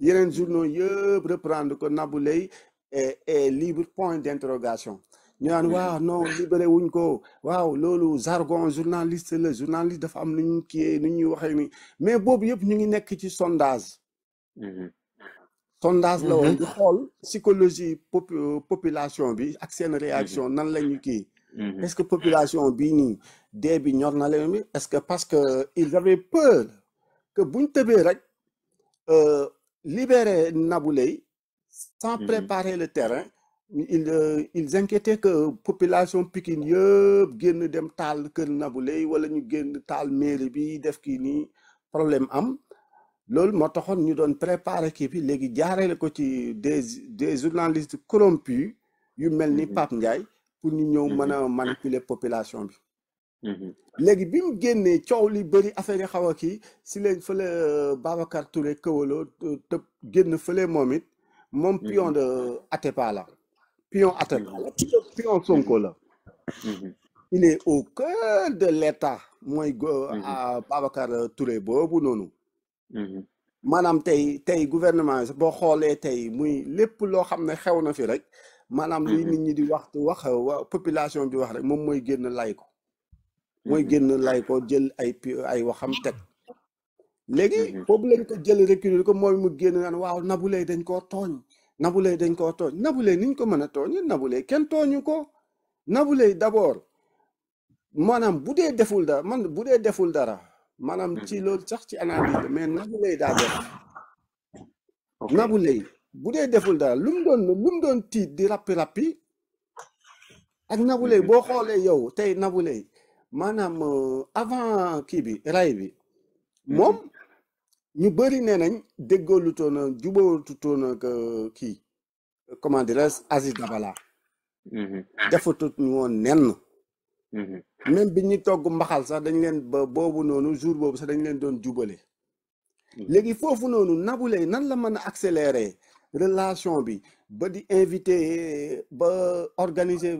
yeneen journaux yeb reprendre que est libre point d'interrogation ñu waaw non libéré wuñ ko waaw lolu jargon journaliste le journaliste dafa am ñu mais ñu ngi sondage mhm. sondage la woon mhm. psychologie population bi ak réaction mhm. nan est-ce que population bi est-ce que parce que ils avaient peur que buñ euh, libérer Naboulay sans mhm. préparer le terrain. Euh, ils, inquiétaient que population picking yëpp génn dem de kër Naboulay wala ñu génn tal mairie problème am Lol, qui ont ñu préparer qui les ko des des journalistes corrompus mhm. pour ñu mhm. population Mm-hmm. léegi bi mu génnee coow li bëri affaire yi xaw a kii si leen fële euh, Babacar Touré këwaloo euh, te génn fële moom it moom mm-hmm. pion de Atepa la pion Atepa la mm-hmm. pion Sonko la il est au cœur de l'état mooy ah, Babacar euh, Touré boobu noonu maanaam tey tey gouvernement boo xoolee tey muy lépp loo xam ne xew na fi rek maanaam li nit ñi di wax wax population bi wax rek moom mooy génn lay ko mooy mm-hmm. génn lay ko jël ay ay waxam teg léegi mm-hmm. foofu lañ ko jël recul ko mooy mu génn naan waaw nabuley dañ koo tooñ nabuley dañ koo tooñ nabuley niñ ko mën a tooñi nabuley kenn tooñu ko nabuley d'abord maanaam bu dee deful dara man bu dee deful dara maanaam ci mm-hmm. loolu sax ci analyse mais nabuley daa def nabuley bu dee deful dara lu mu doon tiit di rappi-rappi ak nabuley boo xoolee yow tey nabuley maanaam euh, avant kii bi ray bi mm-hmm. moom ñu bëri nee nañ déggoolutoon a jubóotutoon ak euh, kii comment dirais Aziz Dabala mm-hmm. defatut ñu woon nenn mm-hmm. même bi ñu togg mbaxal sax dañ leen ba boobu noonu jour boobu sax dañ leen doon jubale léegi foofu noonu Nabou Leye nan la mën a accélérer relation bi ba di invité ba organiser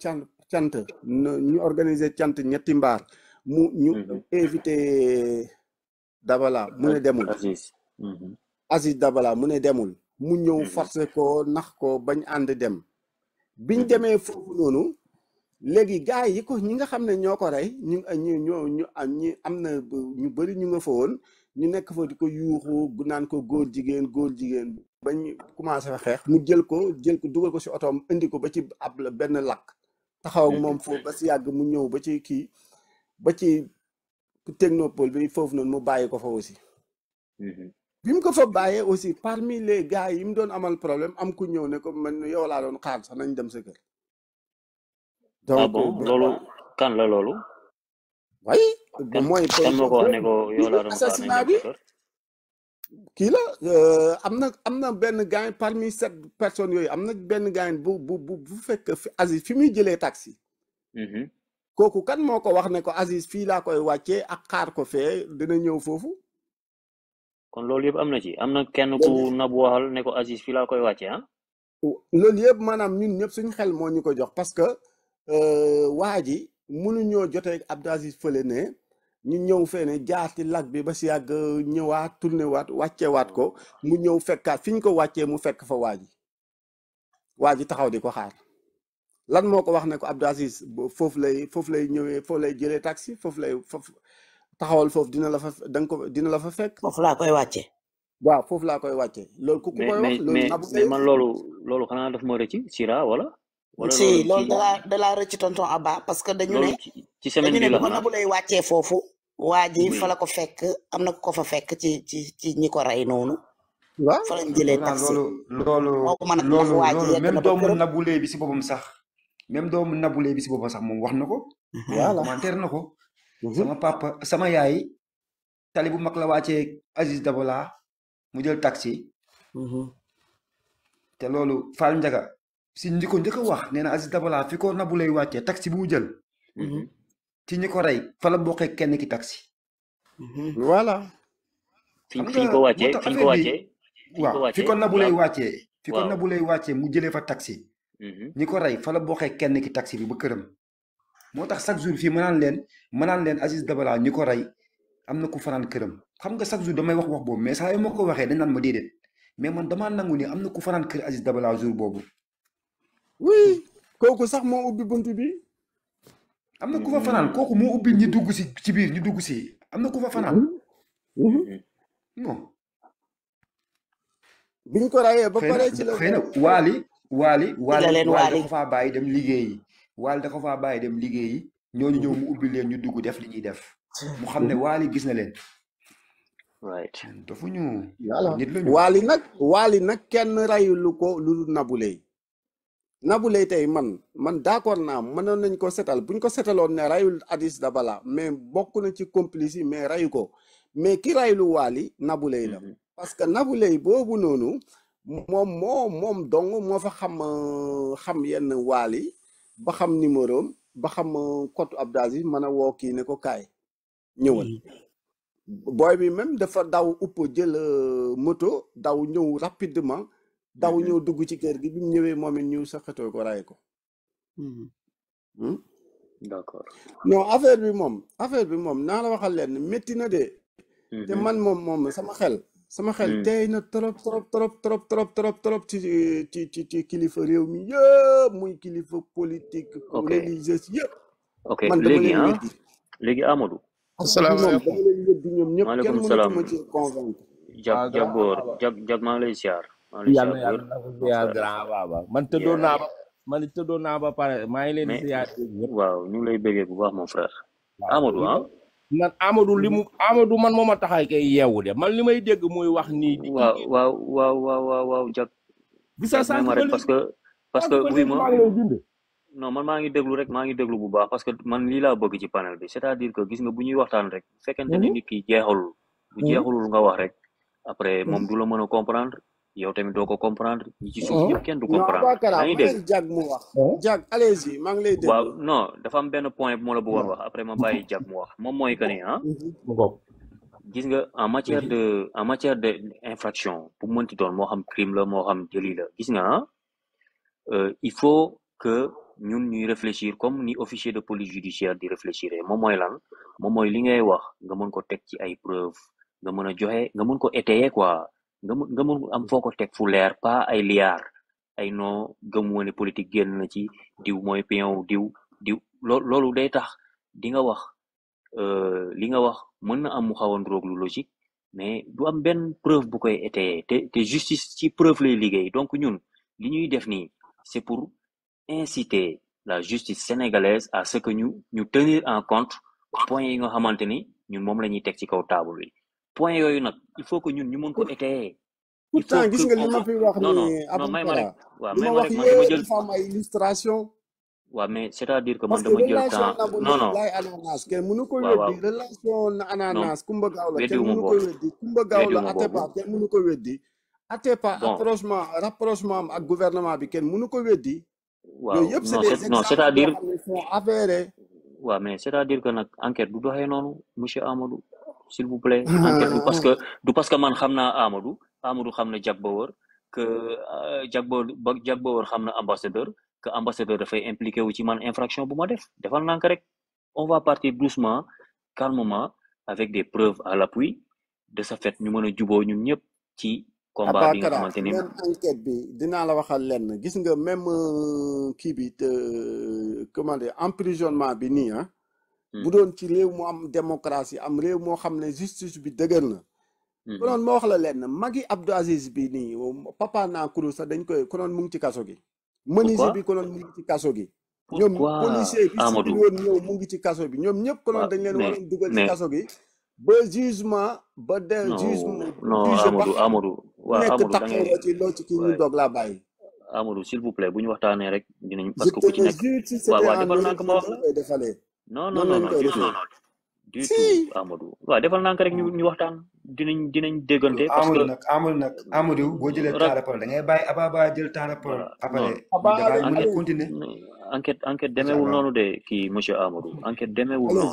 ca euh, cant ñu organiser cant ñetti mbaar mu ñu mhm. invité Dabala mu ne demul mhm. Dabala mu demul mu ñëw mhm. forcé ko nax ko bañ ànd dem biñ demee foofu noonu léegi gars yi ko ñi nga xam ne ñoo ko rey ñu ñu ñu am na ñu bari ñu nga fa woon ñu nekk fa di ko yuuxu naan ko góor jigéen góor jigéen bañ commencé fa xeex mu jël ko jël ko dugal ko si otoom indi ko ba ci ab benn lakk taxaw ak moom foofu ba si yàgg mu ñëw ba ci kii ba ci technopole bi foofu noonu mu bàyyi ko fa aussi. Mhm. bi mu ko fa bàyyee aussi parmi les gars yi mu doon amal problème am ku ñëw ne ko man yow laa doon xaar sax nañ dem sa kër. Ah donc bon loolu kan la loolu. waaye mooy. kan ko wax ko yow doon xaar nañ dem sa kër. qui euh, am na benn parmi cette personnes yoy am ben benn bu bu bu bu Aziz fi muy taxi. Mm-hmm. koku kan moko wax ne ko Aziz fi la koy ak xaar ko fee dina ñëw fofu kon yeb am ci am kenn ku nabu waxal ne ko Aziz fi la koy wàccee ah. loolu yeb manam ñun ñep suñu xel mo parce que euh, Aziz ñu ñëw fee ne jaar ci lac bi ba si yàgg ñëwaat tourné waat wàcce waat ko mu ñëw fekkaat fi ko wàccee mu fekk fa waa ji waa ji taxaw di ko xaar lan moo ko wax ne ko Abdou Aziz foofu lay foofu lay ñëwee foofu lay jëlee taxi foofu lay foofu taxawal foofu dina la fa danga ko dina la fa fekk. foofu laa koy wàcce. waaw foofu laa koy wàcce. loolu ku koy wax loolu nabu man loolu loolu xanaa daf ma rëcc Sira wala. wala loolu parce que dañu ne. lay wàccee foofu. waa ji fa ko fekk am na ko fa fekk ci ci ci ñi ko rey noonu. waaw fa lañ jëlee taxi loolu loolu loolu même doomu nabulee bi si boppam sax même doomu nabulee bi si boppam sax moom wax na ko. Mhm. voilà na ko. Mhm. sama papa sama yaay. tali bu mag la wàccee Aziz Dabala mu jël taxi. Mhm. te loolu Fall Ndiaga si ndi ko wax nee na Aziz Dabala fi ko nabulee wàccee taxi bu mu jël. ci ñi ko rey fa la bokkee kenn ki taxi. Mm-hmm. voilà. xam nga fi ñu ko wàccee fi ñu ko wàccee. waaw fi ko nabu wàccee. fi ko nabu lay wàccee mu jëlee fa taxi. Mm-hmm. ñi ko rey fa la kenn ki taxi bi ba këram. moo tax chaque jour fii mënaan leen mënaan leen Aziz Dabala ñi ko rey am na ku fanaan këram xam nga chaque jour damay wax wax boobu mais saa yoo ma ko waxee dañ naan ma déedéet mais man damaa nangu ni am na ku fanaan kër Aziz Dabala jour boobu. oui kooku sax moo ubbi bunt bi. am na ku fa fanaan kooku moo ubbi ñi dugg si ci biir ñu dugg si am na ku fa fanaan. Mm-hmm. Mm-hmm. non. biñ ko rayee ba pare ci la. na waali waali waali waali dafa faa bàyyi dem liggéeyi waali dafa faa bàyyi dem liggéeyi ñooñu ñëw mu ubbi leen ñu dugg def li ñuy def mu xam ne waali gis na leen. right dafa ñu. nit la ñu waali nag waali nag kenn rayulu ko lu nabu Nabou Leye tey man man d'accord naa mënoon nañ ko setal buñ ko setaloon ne rayul Aziz Dabala mais bokk na ci complice yi mais rayu ko mais ki raylu Wally Nabou Leye la mhm. parce que Nabou boobu noonu moom moom dong moo fa xam euh, xam yenn Wally ba xam numéroom ba xam euh, code Abdou Aziz mën a woo kii ne ko kaay ñëwal mhm. booy bi même dafa daw upp jël euh, moto daw ñëw rapidement daw ñëw dugg ci kër gi bi ñëwee moom it ñu saxatoo ko raay ko. Mmh. Mmh. d'accord affaire bi moom affaire bi moom naa la waxal leen métti na de. te mmh man moom moom sama xel. sama xel tey na trop trop trop trop trop trop trop ci ci ci ci kilifa réew mi yëpp muy kilifa politique. ok religieuse yëpp. ok léegi ah léegi Amadou. asalaamaaleykum ñoom dama leen yëddi ñoom ñëpp kenn mënatu ma ci convaincre. yàlla yàlla ya, ziar grand baaba man tëddoon naa ba man tëddoon naa ba pare maa ngi leen di ziar waaw ñu ngi lay bëggee bu baax mon frère nah, Amadou iya. ah man Amadou li mu Amadou man moo ma taxay kay yeewu de man li dégg muy wax nii waaw waaw waaw waaw waaw jag bisa sànq rek parce que parce que oui ma non man maa ngi déglu rek maa ngi déglu bu baax parce que man lii laa bëgg ci panel bi c'est-à-dire que gis nga bu ñuy waxtaan rek fekkente ni mhm. nit ki jeexalul bu mhm. jeexalul nga wax rek après moom du la mën comprendre yow tamit doo ko comprendre ñi ci suuf ñëpp kenn du comprendre maa ngi dégg jag mu wax jag allez maa ngi lay dégg dafa am benn point bu ma la wax après ma bàyyi jag mu wax moom mooy que ni mm-hmm. nga en matière de en matière de infraction bu mënti doon moo xam crime la moo xam délit la gis nga ah il faut que ñun ñuy réfléchir comme ni officier de police judiciaire di réfléchir moom mooy lan moom mooy li ngay wax nga mën ko teg ci ay preuve nga mën a joxe nga mën ko étayer quoi nga am foko tek fu leer pas ay liar ay no gëm woon politique genn na ci diw moy pion diw diw lolou day tax di nga wax euh li nga wax mën na am mu xaw a lu logique mais du am ben preuve bu koy été te te justice ci preuve lay liggéey donc ñun li ñuy def ni c'est pour inciter la justice sénégalaise à ce que ñu ñu tenir en compte point yi nga xamanteni ñun mom lañuy tek ci kaw table bi point yooyu nag il faut que ñun ñu mën ko étayer. pourtant gis nga li ma fi wax. non non non may ma rek waaw may ma illustration. waaw mais c' à dire que man dama temps non non parce que ananas kenn mënu ko relation na ananas kumba gaaw la kenn mënu ko weddi kumba gaaw la Atepa kenn mënu ko weddi. Atepa approchement rapprochement am gouvernement bi kenn mënu ko weddi. waaw non c' non c' à dire que nag enquête du doxee noonu monsieur Amadou. s'il vous plaît enquête du parce que du parce que man xamna Amadou Amadou xamna na que Jack Bauer euh, xamna ambassadeur que ambassadeur da fay impliqué wu ci man infraction bu ma def defal nank rek on va partir doucement calmement avec des preuves à l'appui de ce fait ñu mën a ñun ñëpp ci combat bi nga xamante enquête bi dinaa la waxal lenn gis nga même euh, ki bi euh, comment dire emprisonnement bi ni hein bu hmm. doon ci léew mu am démocratie am réew moo xam ne justice bi dëgër na. bu hmm. doon ma wax la lenn magi Abdou Aziz bi nii papa naa kuru sax dañ koy konoon mu ngi ci kaso gi. menuisier bi konoon mu ngi ci kaso gi. ñoom policier bi si mu ngi ci kaso bi ñoom ñëpp konoon ah, dañ leen waroon dugal ci kaso gi. ba jugement ba de jugement. non Amadou Amadou waaw ci loo ci kii ñu doog laa bàyyi. Amadou s'il vous plaît bu ñu waxtaanee rek dinañ. parce que ci nekk waaw waaw defal naa ko ma wax la. non non non non du tout Amadou waaw defal nank rek hmm. ñu ñu waxtaan dinañ dinañ déggante parce que nak Amadou nak Amadou bo jëlé temps de parole da ngay bàyyi Ababa jël temps de parole après da ngay continuer enquête enquête demeewul noonu de ki monsieur Amadou enquête demeewul non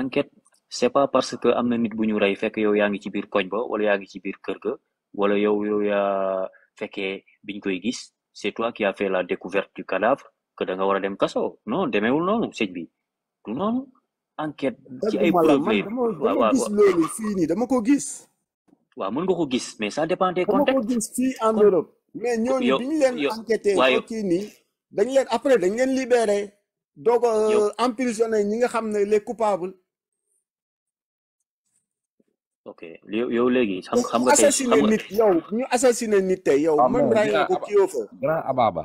enquête c'est pas parce que am na nit bu ñu rey fekk yow yaa ngi ci biir koñ ba wala yaa ci biir kër ga wala yow yow yaa fekkee biñ koy gis c'est toi qui as fait la découverte du cadavre que da nga war dem kaso non demeewul nonu sëñ bi du noonu enquête ci ay gis loolu fii nii dama ko gis waaw mën nga ko gis mais ça dépend des contextes mais ñooñu bi ñu leen enquêté ko kii nii dañ leen après dañ leen libéré doo ko euh, emprisonné ñi nga xam ne le coupables yo yow léegi xam xam nga tey assassiné nit yow ñu assassiné nit tey yow ah man grand ababa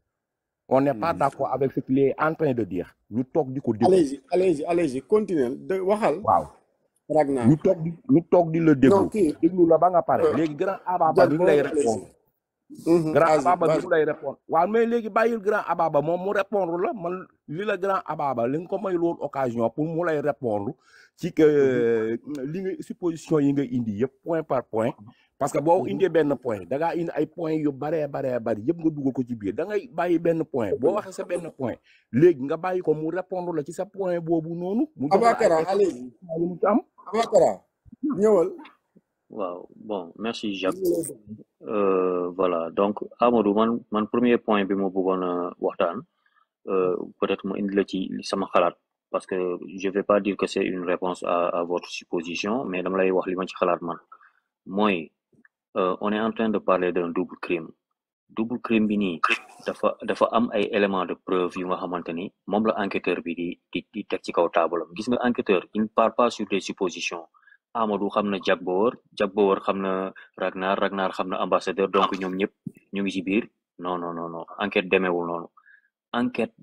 on n'est pas mm. d'accord avec ce qu'il est en train de dire Nous toog du coup de. allez-y allez-y allez-y continue de waxal. waaw Ragnar ñu nous di ñu toog Non, la déglu. nous la ba nga pare. Euh, léegi grand ababa bi ñu lay répondre. Mm-hmm, grand ababa bi ñu lay répondre. waaw mais léegi bàyyil grand ababa moi moi répondre la man li grand ababa li ko may occasion pour moi lay répondre ci que mm-hmm. euh, li nga supposition yi nga indi yëpp point par point parce que boo mm-hmm. indee ben point da ngaa indi ay point yu bare bare bare yeb nga dugal ko ci biir da ngay bàyyi benn point bo waxe sa ben point legui nga bàyyi ko mu répondre la ci sa point bobu noonu. mu Abakara allez mu ci am Abakara ñëwal. waaw bon merci Jacques euh, voilà donc Amadou man man premier point bi mo bëggoon a euh peut-être mu indi la ci sama xalaat parce que je vais pas dire que c'est une réponse à à votre supposition mais dama lay wax li ma ci xalaat man moy euh, on est en train de parler d'un double crime double crime il y a des éléments de preuve qui nga xamante la enquêteur bi di ne parle pas sur des suppositions Amadou Jack Bauer Bauer Ragnar Ragnar ambassadeur donc ñu ngi ci non non non non enquête pas non. enquête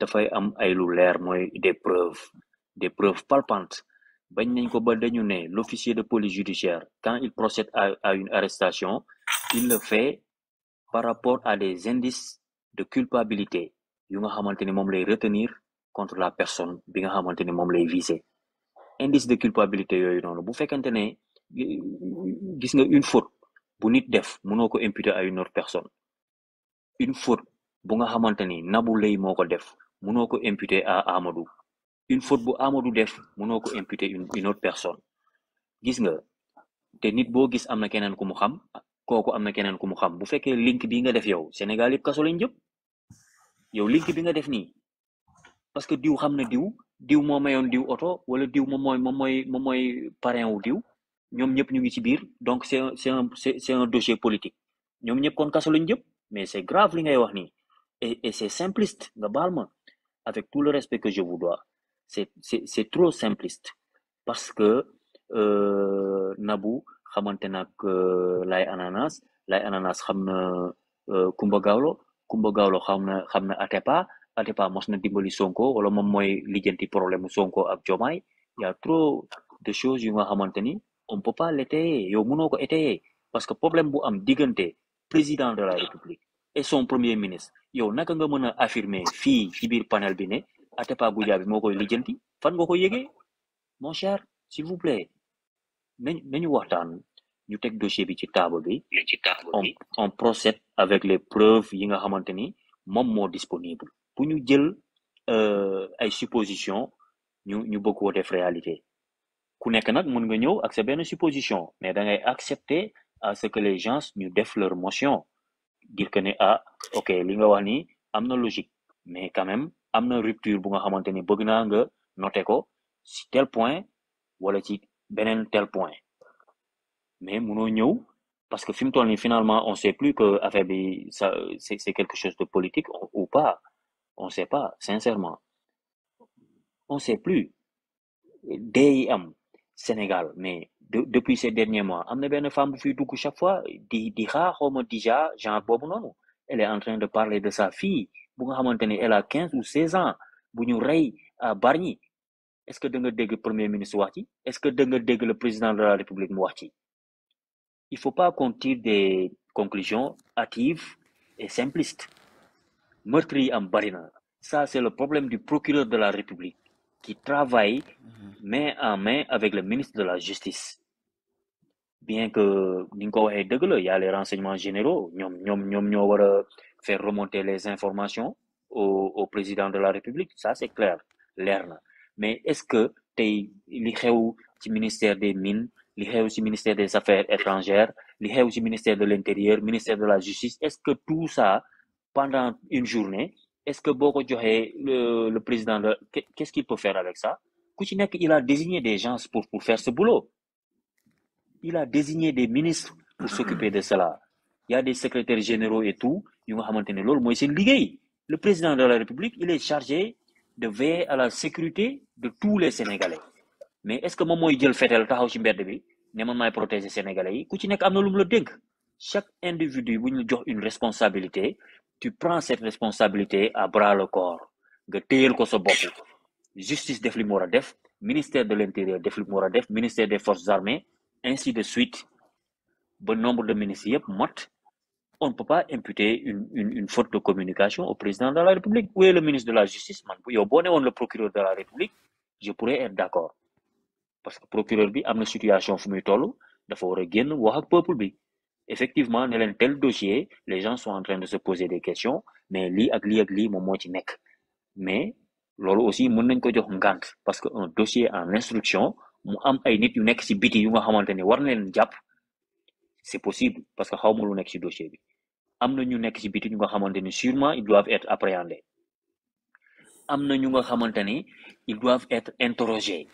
des preuves des preuves palpantes bañ nañ ko l'officier de police judiciaire quand il procède à, une arrestation il le fait par rapport à des indices de culpabilité yu nga xamante lay retenir contre la personne bi nga xamante lay viser indice de culpabilité yooyu noonu bu fekkente ne gis nga une faute bu nit def mënoo ko imputer à une autre personne une faute bu nga xamante nabu lay moko def mënoo ko imputer à Amadou une faute bu Amadou def munoko ko imputer une une autre personne gis nga té nit bo gis amna kenen ku mu xam koku amna kenen xam bu link bi nga def yow Sénégal yëpp kasso lañ jëp yow link bi nga def ni parce que diw xamna diw diw mo mayon diw auto wala diw mo moy mo moy mo moy parrain wu diw ñom ñëpp ñu ngi ci biir donc c'est c'est un c'est un dossier politique ñom ñëpp kon kasso lañ jëp mais c'est grave li ngay wax ni et et c'est simpliste nga balma avec tout le respect que je vous dois c'est trop simpliste parce que euh, Nabou xamante nag lay ananas lay ananas xamna na euh, Kumba Gawlo Kumba Gawlo xamna xamna Atepa Atepa mos na dimbali Sonko wala mom moy lijjanti problème Sonko ak il y a trop de choses yu nga xamanteni on peut pas l'étayer yo mënoo ko étayer parce que problème bu am diggante président de la République et son premier ministre yo naka nga mën affirmer fi ci bir panel bi né Atepa Abuja bi moko koy fan nga ko yëgee mon cher s'il vous plaît nañu nañu waxtaan ñu tek dossier bi ci table bi ci on on procède avec les preuves yi nga xamanteni mom mo disponible bu ñu jël euh ay supposition ñu ñu bëgg koo def réalité ku nekk nak mën nga ñëw ak sa benn supposition mais da ngay accepter à ce que les gens ñu def leur motion dire que ne ah ok li nga wax ni am na logique mais quand même amna rupture bu nga xamanteni bëgg naa nga noté ko si tel point wala ci benen tel point mais mëno ñëw parce que fim finalement on sait plus que affaire bi ça c'est c'est quelque chose de politique ou pas on sait pas sincèrement on sait plus D.I.M. Sénégal mais depuis ces derniers mois amna ben une femme bu fiy dugg chaque fois di di xaa xawma déjà genre bobu nonou elle est en train de parler de sa fille bu nga elle a 15 ou 16 ans bu ñu rey à euh, Barni est-ce que da nga dégg premier ministre wax ci est-ce que da nga le président de la république mu wax ci il faut pas qu'on tire des conclusions hâtives et simplistes meurtre en am ça c'est le problème du procureur de la république qui travaille mm-hmm. main en main avec le ministre de la justice bien que ni avons ko y a les renseignements généraux faire remonter les informations au, président de la République ça c'est clair l'air mais est-ce que tu li ministère des mines le ministère des affaires étrangères le ministère de l'intérieur ministère de la justice est-ce que tout ça pendant une journée est-ce que Boko le, président qu'est-ce qu'il peut faire avec ça Kouchinek, il a désigné des gens pour faire ce boulot il a désigné des ministres pour s'occuper de cela il y a des secrétaires généraux et tout nga le président de la république il est chargé de veiller à la sécurité de tous les sénégalais mais est-ce que moi, mooy jël le taxaw ci mbedd bi ne man maay protéger sénégalais yi ku ci pas am chaque individu a une responsabilité tu prends cette responsabilité à bras le corps justice de li ministère de l'intérieur de li ministère des forces armées ainsi de suite Bon nombre de ministères, morts, on ne peut pas imputer une, une, une, faute de communication au président de la République. ou est le ministre de la Justice man bu yow le procureur de la République je pourrais être d'accord parce que le procureur a une situation fu muy Il dafa peuple effectivement dans un tel dossier les gens sont en train de se poser des questions mais li ak li ak li moom moo ci nek. mais loolu aussi mën nañ ko jox ngant parce que un dossier en instruction mu am ay nit yu qui ci biti yu nga xamanteni war c'est possible parce que xaw un lu nek ci dossier bi amna ñu nekk ci biti ñu nga xamante ni sûrement ils doivent être appréhendés am na ñu nga xamante ni ils doivent être interrogés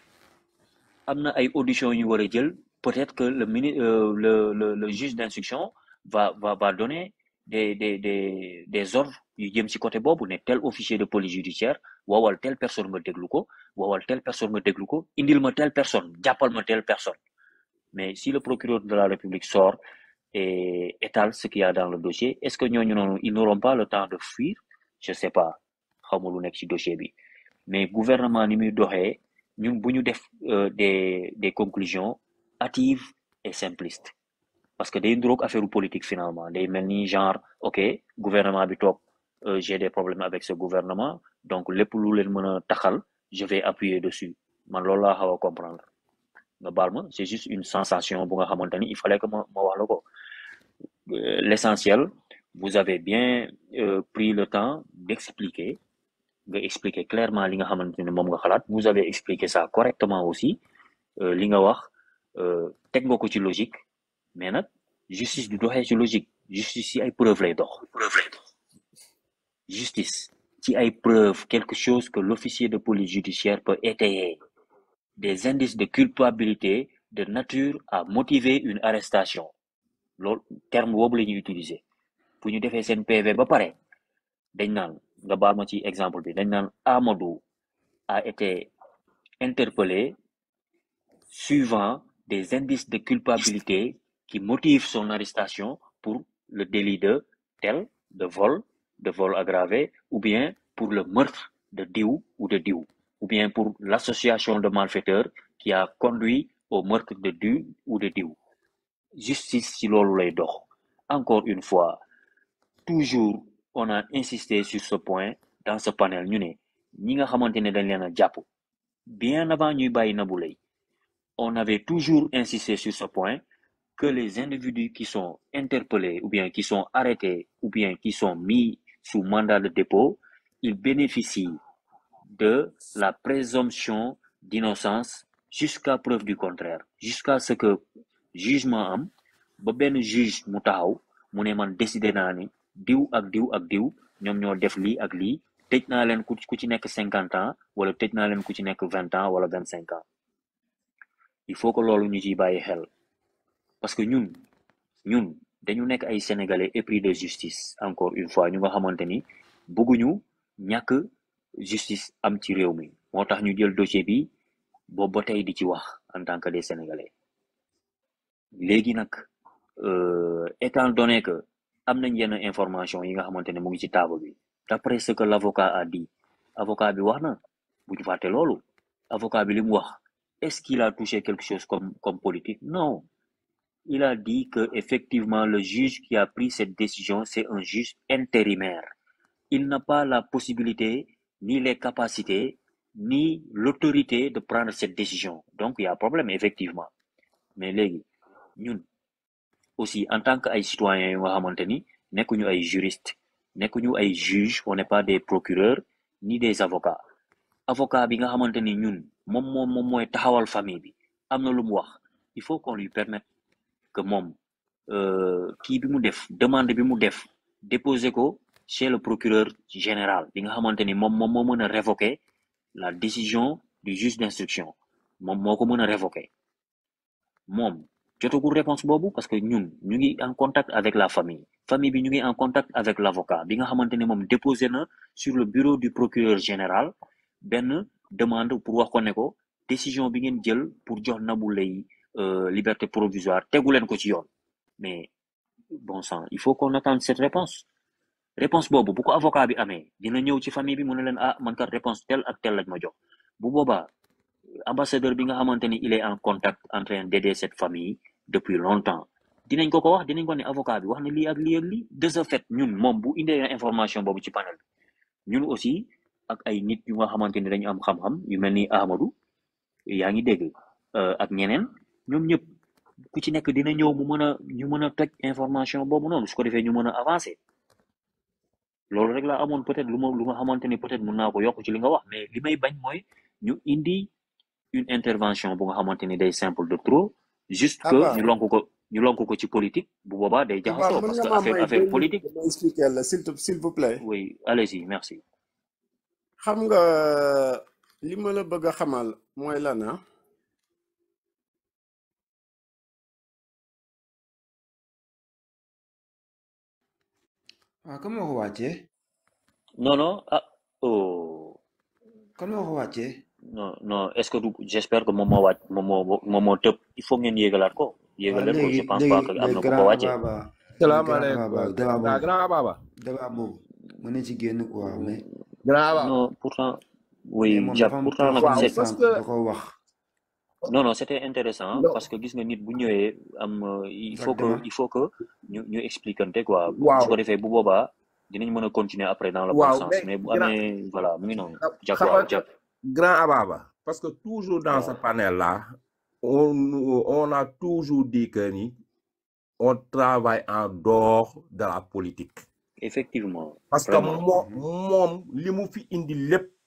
am na ay auditions ñu war a jël peut-être que le mini euh, le le le juge d'instruction va va va donner des des des des ordres yu jëm ci côté boobu ne tel officier de police judiciaire wawal tel personne nga déglu ko wawal tel personne nga déglu ko indil ma tel personne jàppal ma tel personne mais si le procureur de la République sort et étale ce qu'il y a dans le dossier est-ce que ils n'auront pas le temps de fuir je ne sais pas Mais le mais gouvernement ni muy euh, des des conclusions hâtives et simplistes parce que day drogue affaire politique finalement des genre ok gouvernement bi euh, j'ai des problèmes avec ce gouvernement donc les lu je vais appuyer dessus man lola, comprendre c'est juste une sensation il fallait que je me wax euh, l'essentiel, vous avez bien euh, pris le temps d'expliquer, d'expliquer clairement li nga xamantene mom nga vous avez expliqué ça correctement aussi, euh, li nga euh, logique, mais justice du droit est logique, justice qui a preuve Justice ci preuve, quelque chose que l'officier de police judiciaire peut étayer. Des indices de culpabilité de nature à motiver une arrestation le terme bobu la utiliser pour ñu PV ba paré dañ ma ci exemple bi Amadou a été interpellé suivant des indices de culpabilité qui motivent son arrestation pour le délit de tel de vol de vol aggravé ou bien pour le meurtre de Dieu ou de Diou, ou bien pour l'association de malfaiteurs qui a conduit au meurtre de Dieu ou de Diou justice si' encore une fois toujours on a insisté sur ce point dans ce panel ñu bien avant ñuy on avait toujours insisté sur ce point que les individus qui sont interpellés ou bien qui sont arrêtés ou bien qui sont mis sous mandat de dépôt ils bénéficient de la présomption d'innocence jusqu'à preuve du contraire jusqu'à ce que jugement am ba ben juge mu taxaw mu ne man décider na ni diw ak diw ak diw ñom ñoo def li ak li tej na len ku ci nek 50 ans wala tej na len ku ci nek 20 ans wala 25 ans il faut que lolu ñu ci baye xel parce que ñun ñun dañu nek ay sénégalais épris de justice encore une fois ñu nga xamanteni ni bëgguñu ñak justice am ci réew mi motax ñu jël dossier bi bo ba di ci wax en tant que des sénégalais nak euh, étant donné que information yi nga ngi ci d'après ce que l'avocat a dit avocat bi wax est-ce qu'il a touché quelque chose comme politique non il a dit que le juge qui a pris cette décision c'est un juge intérimaire il n'a pas la possibilité ni les capacités ni l'autorité de prendre cette décision donc il y a un problème effectivement mais ñun aussi en tant que ay citoyens yo xamanteni xamante nekkuñu ay juriste nekkuñu ay juge on n'est pas des procureurs ni des avocats avocat bi nga xamanteni ñun mom mom moom taxawal famille bi amna lu mu wax il faut qu'on lui permette que moom qui euh, bi mu def demande bi mu def déposer ko chez le procureur général bi nga xamanteni mom mom mo meuna révoquer la décision du juge d'instruction nous, nous ko mën a révoquer mom jotagul réponse boobu parce que ñun ñu ngi en contact avec la famille famille bi ñu ngi en contact avec l'avocat. avocat bi nga xamante ne moom déposé na sur le bureau du procureur général benn demande pour wax ko ne ko décision bi ngeen jël pour jox Nabou Leye euh, liberté provisoire tegu leen ko ci yoon mais bon sang il faut qu'on attende cette réponse réponse boobu bu ko avocat bi amee dina ñëw ci famille bi mu ne leen ah man kat réponse tel ak tel lañ ma jox bu boobaa ambassadeur bi nga xamanteni ni il est en contact entre un DD cette famille depuis longtemps dinañ ko ko wax dinañ ko ne avocat bi wax na li ak li ak li de ce fait ñun mom bu indee information bobu ci panel ñun aussi ak ay nit yu nga xamanteni dañu am xam-xam yu melni ahmadou Amadou yaa ngi dégg euh, ak ñeneen ñom ñep ku ci nek dina ñew mu mëna ñu mëna tek information bobu non su ko défé ñu mëna avancer lolu rek la amone peut-être lu lu peut-être mëna ko yok ci li nga wax mais limay bañ moy ñu indi une intervention bu nga xamanteni simples simple de trop juste ah que bah. ñu lonk ko ñu lonk ko ci politique bu boobaa day ah bah, jaxasoo parce que affaire affaire politique s'il vous plaît oui allez-y merci xam nga li ma la bëgg xamal mooy lana ah? Comment comme moo non non ah oh comment vous voyez non non est-ce que j'espère que moom moo wàcc moom il faut ngeen yégalat ko. yégalat ko je pense pas que am ci quoi mais. non oui ah, j'ai pourtant non non c'était intéressant parce que nga nit bu il faut que il faut que ñu ñu quoi. ko bu dinañ continuer après dans le bon sens mais voilà Grand Ababa, parce que toujours dans ce oh. panel-là, on, on, a toujours dit que ni, on travaille en dehors de la politique. Effectivement. Parce que moi, moi,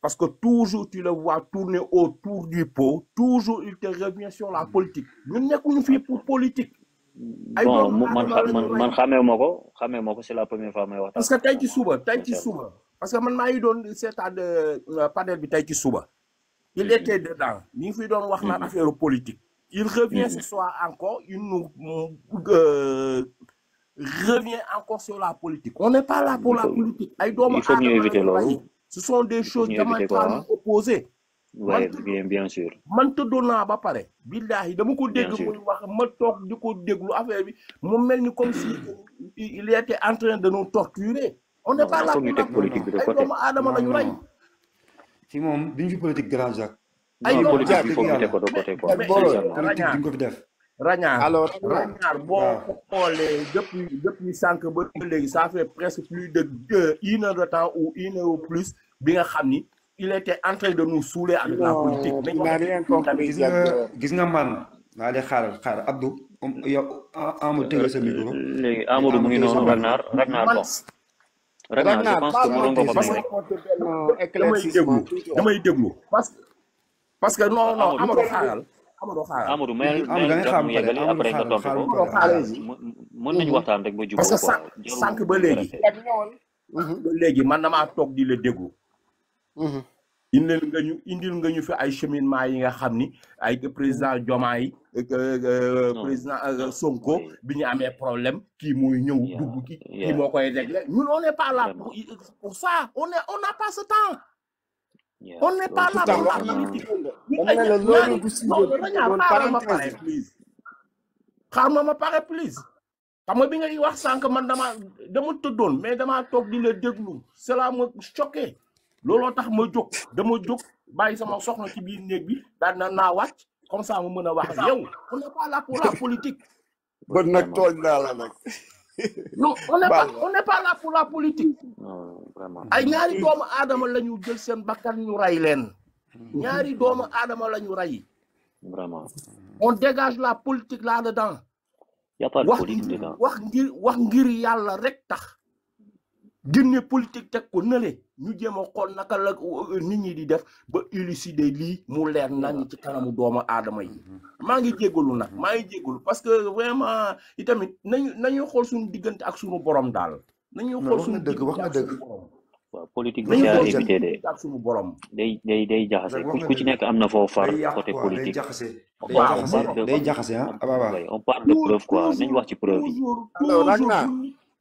parce que toujours tu le vois tourner autour du pot, toujours il te revient sur la politique. Nous n'avons pas pour politique. Bon, man, sais pas, c'est la première fois. Parce que souvent, souvent parce que man maa ngi doon seetaan euh, euh, panel bi tey ci suba. il mm-hmm. était dedans ñu ngi fiy doon wax naan mm-hmm. affaire politique. il revient ce mm-hmm. soir encore il nous euh, revient encore sur la politique. on n'est pas là pour la politique. ay éviter. aadama ce sont des choses diamétralement opposées. waaye bien bien sûr. man tëddoon naa ba pare. billaahi dama ko dégg muy wax ma toog di ko déglu affaire bi mu mel comme si il était en train de nous torturer. on n'est pas là pour la politique de côté doomu aadama la ñu rey ci moom duñ fi politique grand jack ay politique bi foofu ñu teg ko de côté quoi politique duñ ko fi Ragnard, Alors, Ragnard, bon, les, depuis, ça fait presque plus de deux, une heure de temps ou 1 heure plus, bien il était en train de nous saouler avec politique. Mais il Abdou, Amadou, vraiment je pense que parce que parce que non non Amadou mën nañu mm-hmm. waxtaan rek ba jubóo parce que sànq ba léegi mm-hmm. ba léegi man damaa toog di la déglu mm-hmm. indil nga ñu fi ay cheminement yi nga xam ni ay président Diomaye Euh, président euh, Sonko bi ñu amee problème kii mu ñëw dugg ki kii moo koy régler ñun on n'est pas là pour ça pas temps on n'est pas là la politique xaar ma pare please xaar ma ma pare please xam nga bi ngay wax sànq man dama dama tëddoon mais damaa toog di la déglu cela ma choqué looloo tax ma jóg dama jóg bàyyi sama soxna ci biir néeg bi daan na naa wàcc comme ça mu mën a wax yow on n'est pas là pour la politique. bon nag tooñ naa la nag. non on n'est pas on n'est la politique. ay ñaari doomu aadama la ñu jël seen bakkan ñu rey leen. ñaari doomu aadama la ñu rey. vraiment. on dégage la politique là-dedans. wax wax ngir yàlla rek tax. génne politique teg ko nële ñu jéem a xool naka la uh, nit ñi di def ba élucider lii mu leer nañ ci kanamu doomu aadama yi mm-hmm. maa ngi jégalu nag mm-hmm. maa ngi jégalu parce que vraiment itamit nañu nañu xool suñu diggante ak suñu borom daal. nañu xool suñu dëgg wax ak dëgg. waaw politique bi daa éviter de day day day jaxase ku ci nekk am na foo far côté politique. waaw day jaxase ah, ah, ah. on parle de preuve quoi nañu wax ci preuve yi.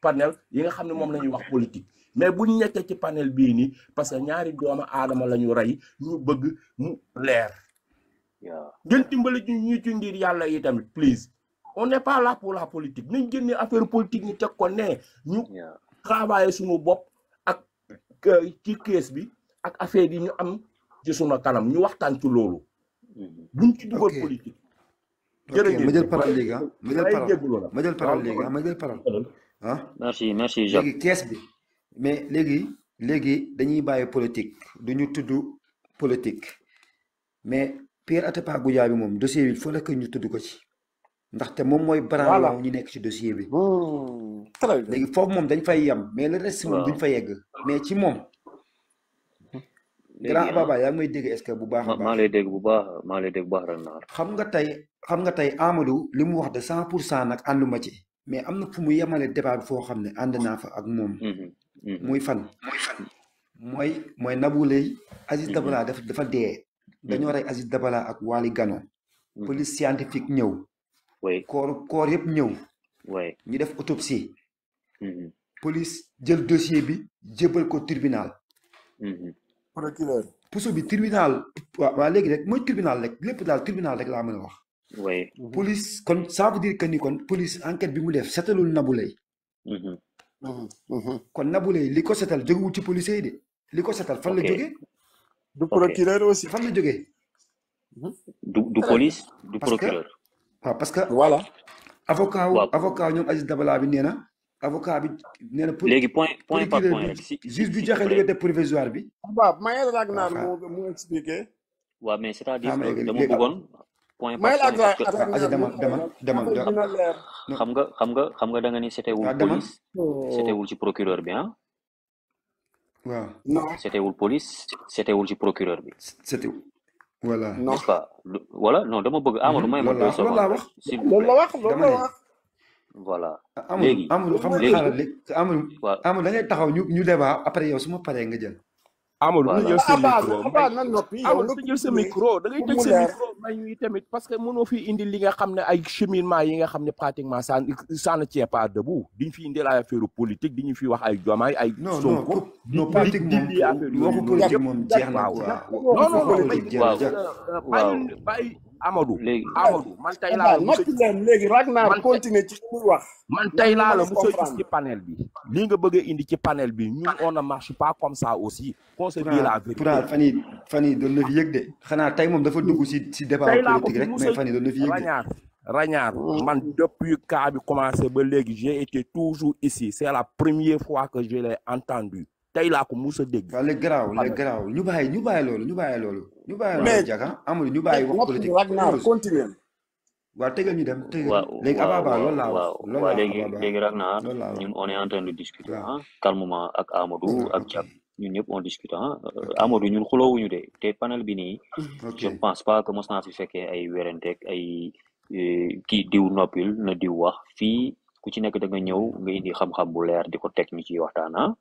panel yi nga xam ne moom la ñuy wax politique mais bu ñu nekkee ci panel bii ni parce que ñaari doomu aadama la ñu rey ñu bëgg mu leer. ngeen dimbali ci ñu ci ngir yàlla yi tamit please on n'est pas là pour la politique nañ génne affaire politique ñu teg ko ne ñu. travailler suñu bopp ak euh, ci kees bi ak affaire yi ñu am ci kanam ñu waxtaan ci loolu. Mm-hmm. buñ ci dugal politique. jërëjëf ah. ma jël parole léegi ah. ma jël parole ma ah. merci merci Jacques léegi bi mais légui légui dañuy baye politique duñu ñu politique mais Pierre Atepa bi mom dossier bi il faut que ñu tudd ko ci. ndaxte moom mooy. voilà ñu nek ci dossier bi. Hmm. légui foofu mom dañ fay yam mais le reste mom duñ fay yegg. mais ci mom grand ababa yaa ngi may dégg est-ce que bu baax ma lay dégg bu baax ma lay dégg bu baax xam nga tay xam nga tay Amadou limu wax de 100% nak anduma ci. mais am na fu mu yemale débat bi foo xam ne ànd naa fa ak moom. Mm-hmm. Mm-hmm. muy fan. muy fan mooy mooy Nabou Leye. Aziz mm-hmm. Dabala dafa dafa dee. dañoo rey Aziz Dabala ak Waly Gano. police scientifique ñëw. oui koor koor yëpp ñëw. oui ñu def autopsie. police jël dossier bi jébbal ko tribunal. procureur. puso bi tribunal waaw léegi rek mooy tribunal rek lépp daal tribunal rek laa mën a wax. oui mhm. police kon ça veut dire que ni kon police enquête bi mu def setalul Nabou Leye. Mhm. Mhm. kon Nabou Leye li ko setal jógewul ci policier yi de li fan la jógee. du procureur aussi fan la jógee. du du police du procureur. parce que voilà. avocat avocat ñoom Aziz Dabala bi nee na. avocat bi nee na. léegi point point par point Juste du juge bi joxe provisoire bi. waaw maa ngi ràgg naan mu mu expliqué. mais c'est-à-dire de ah, dama bougon. point par point xam nga xam nga xam nga da nga ni c'était wul ah, police c'était wul ci procureur bi ah. waaw non wul police c'était wul ci procureur bi. c'était voilà. n'est-ce pas voilà dama bëgg Amadou hmm, may ma deux secondes. loolu la wax la wax. voilà léegi amul amul xam nga taxaw ñu ñu débat après yow su ma paree nga jël. Amadou ñu jël sa ah, micro Abba na noppi Amadou da ngay tëj tamit parce que mënoo fi indi li nga xam ne ay cheminement yi nga xam ne pratiquement ça ça ne tient pas debout diñ fi indil ay affaire politique diñu fi wax ay jomaay ay Sonko non pratiquement waxu politique moom jeex na quoi non Amadou Amadou man tay laa la mos léegi rag continuer ci wax man la ci panel bi li nga bëgg indi ci panel bi ñun on ne marche pas comme ça aussi qu'on se la vérité Fra fani yi fan de xana tay mom dafa dugg ci ci débat politique rek mais fani de doon na fi yëg de Ragnard man depuis cas bi commencé ba léegi j'ai été toujours ici c'est la première fois que je l'ai entendu tey laa ko muus a dégg. waaw léegi garaaw léegi garaaw ñu bàyyi ñu bàyyi loolu ñu bàyyi loolu. ñu bàyyi loolu jaka amul ñu bàyyi wax politique mais Ragnar continué. waaw léegi Ababa loolu laa wax. loolu ñun on en train de discuter ah. ak Amadou ak Thiam ñun ñëpp on discute ah euh, ñun ñun xuloowuñu de te panel bi nii. je ne pense pas que mos fi fekkee ay werenteeg ay euh, kii diw noppil na diw wax fii ku ci nekk da nga ñëw nga indi xam-xam bu leer di ko teg ñu ciy waxtaan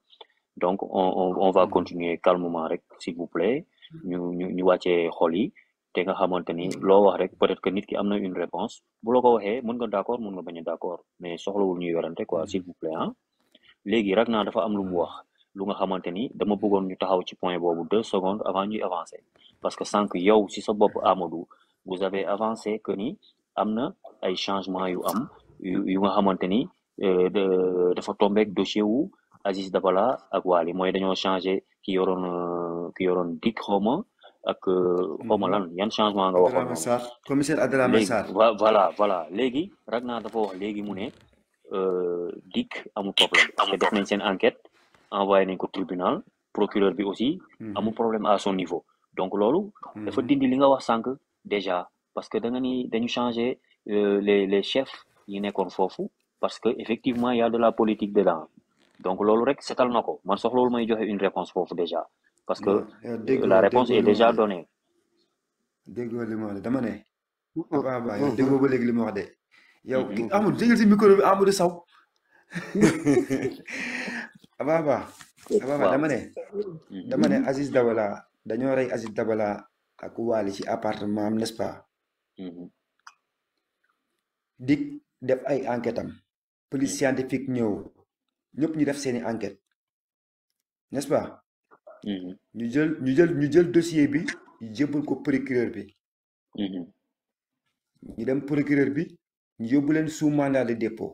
donc on on, on va continuer calmement s'il vous plaît mm. ñu ñu ñu xol yi te mm. peut-être que ki une réponse bu d'accord mën d'accord mais ñuy quoi mm. s'il vous plaît hein dafa am lu dama bëggoon deux secondes avant ñuy parce que que yow sa Amadou vous avez avancé que ni amna ay changements yu am yu nga euh, dafa dossier wu Aziz Dabala ak Waly moy dañoo changé ki yoron euh, ki yoron dikk xawma ak euh, mhm. xawma lan yan changement nga waxoon commissaire Adramé Sarr voilà voilà léegi Ragnar dafa wax léegi mu ne euh, dik amul problème def nañ sen enquête envoyé nañ ko tribunal procureur bi aussi mhm. amul problème à son niveau donc lolu mhm. dafa dindi li nga wax sank déjà parce que da nga ni dañu changer les les chefs yi nekkoon fofu parce que effectivement il y a de la politique dedans donc loolu rek setal na ko man soxlawul may joxe une réponse foofu déjà parce que la réponse est déjà donnée. déggoo li ma wax de dama ne. waaw waaw déggoo ba léegi li ma wax de. yow Amadou jégal si micro bi Amadou Sow. abaa ba dama ne. dama ne Dabala dañoo rey Aziz Dabala ak Wally ci appartement am n'est-ce pas. dik def ay enquête am. police scientifique ñëw. ñëpp ñu def seeni enquête nest pas. Mm-hmm. ñu jël ñu jël ñu jël dossier bi ñu jébbal ko procureur bi. Mm-hmm. ñu dem procureur bi ñu yóbbu leen sous mandat de dépôt.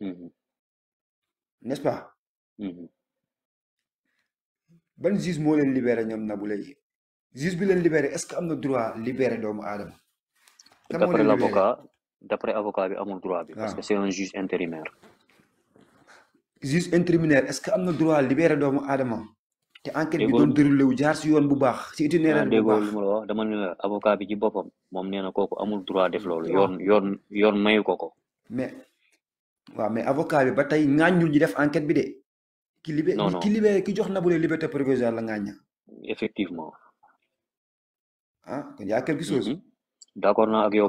Mm-hmm. n'est-ce ban juge moo leen libéré ñoom Nabou Leye juge bi leen libéré est-ce que am na droit libéré doomu aadama. d'après l'avocat d'après avocat bi amul droit bi. parce ah. que c'est un juge intérimaire. juge intérimaire est ce que am na droit libéré doomu aadama te enquête bi doon déroulé wu jaar si yoon bu baax si itinéraire ah, bu baax déggoo lu wax dama ne la avocat bi ci boppam moom nee na kooku amul droit def loolu yoon yoon yoon mayu ko ko mais waaw mais avocat bi ba tey ŋàññul ñi def enquête bi ki libé ki ki jox na bu liberté provisoire la effectivement ah kon yaa quelque mhm. chose d'accord naa ak yow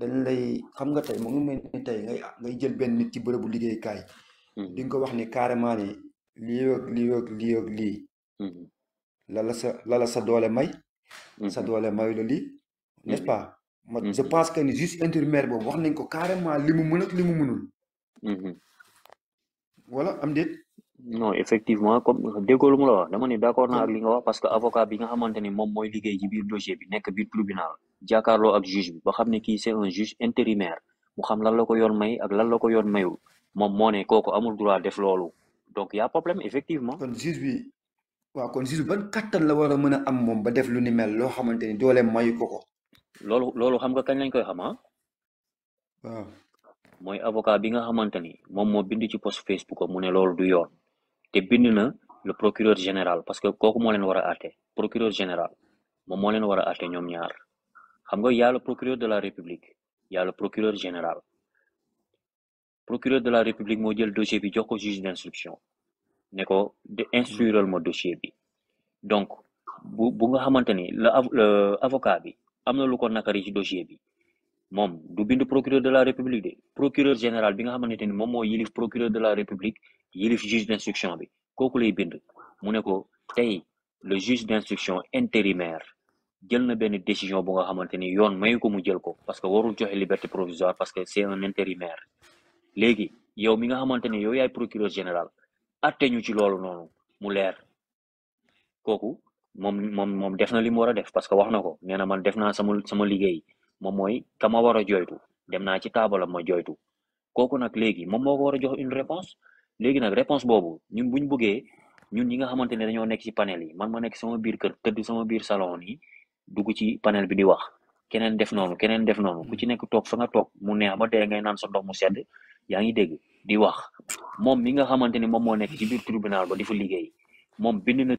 dañ lay xam nga tey mu ngi tey ngay ngay jël benn nit ci bërëbu liggéeykaay. Hmm. di nga ko wax ni carrément ni lii ak lii ak lala hmm. sa lala sa doole may. Hmm. sa doole mayu la lii. nest pas ma je pense que ni juste intérimaire boobu wax nañ ko carrément li mu mën ak li mu mënul. voilà am déet. non effectivement comme déggoo la wax dama d'accord naa ak nga wax parce que avocat bi nga xamante ni moom mooy liggéey ci biir dossier bi nekk biir tribunal. Carlo ak juge bi ba xamné ki c'est un juge intérimaire mu xam lan la ko yoon may ak lan la ko yoon mayul moom moo ne amul droit def lolu donc y a problème effectivement. kon juge bi waaw kon juge bi ban kattan la wara a am mom ba def lu ni mel lo xamanteni dole mayu koko lolu lolu xam nga kañ lañ koy xam ah. wa moy avocat bi nga xamanteni mom mo moo bind ci post Facebook mu né lolu du yoon te bind na le procureur général parce que koko mo leen wara a procureur général mom mo leen wara a ñom ñaar. Il y a le procureur de la république y a le procureur général procureur de la république moo le dossier bi jox ko juge d'instruction Il ko de instruire dossier donc bu bu nga xamante le avocat bi am na lu dossier bi moom du bind procureur de la république Le procureur général bi nga xamante ni e procureur de la république yilif juge d'instruction bi kooku lay bind mu ne ko le juge d'instruction intérimaire jël na benn décision bu nga xamante ni yoon mayu ko mu jël ko parce que warul joxe liberté provisoire parce que c' est un intérimaire léegi yow mi nga xamante ni yow yaay procureur général atte ñu ci loolu noonu mu leer kooku moom moom moom def na li mu war a def parce que wax na ko nee na man def naa sama sama liggéey moom mooy ka ma war a joytu dem naa ci taabalam ma joytu kooku nag léegi moom moo ko war a jox une réponse léegi nag réponse boobu ñun buñ buggee ñun ñi nga xamante ne dañoo nekk ci panel yi man ma nekk sama biir kër tëdd sama biir salon yi dugg ci panel bi di wax keneen def noonu keneen def noonu ku ci nekk toog fa nga toog mu neex ba dee ngay naan sa ndox mu sedd yaa ngi dégg di wax moom mi nga xamante ni moom moo nekk ci biir tribunal ba di fa liggéey moom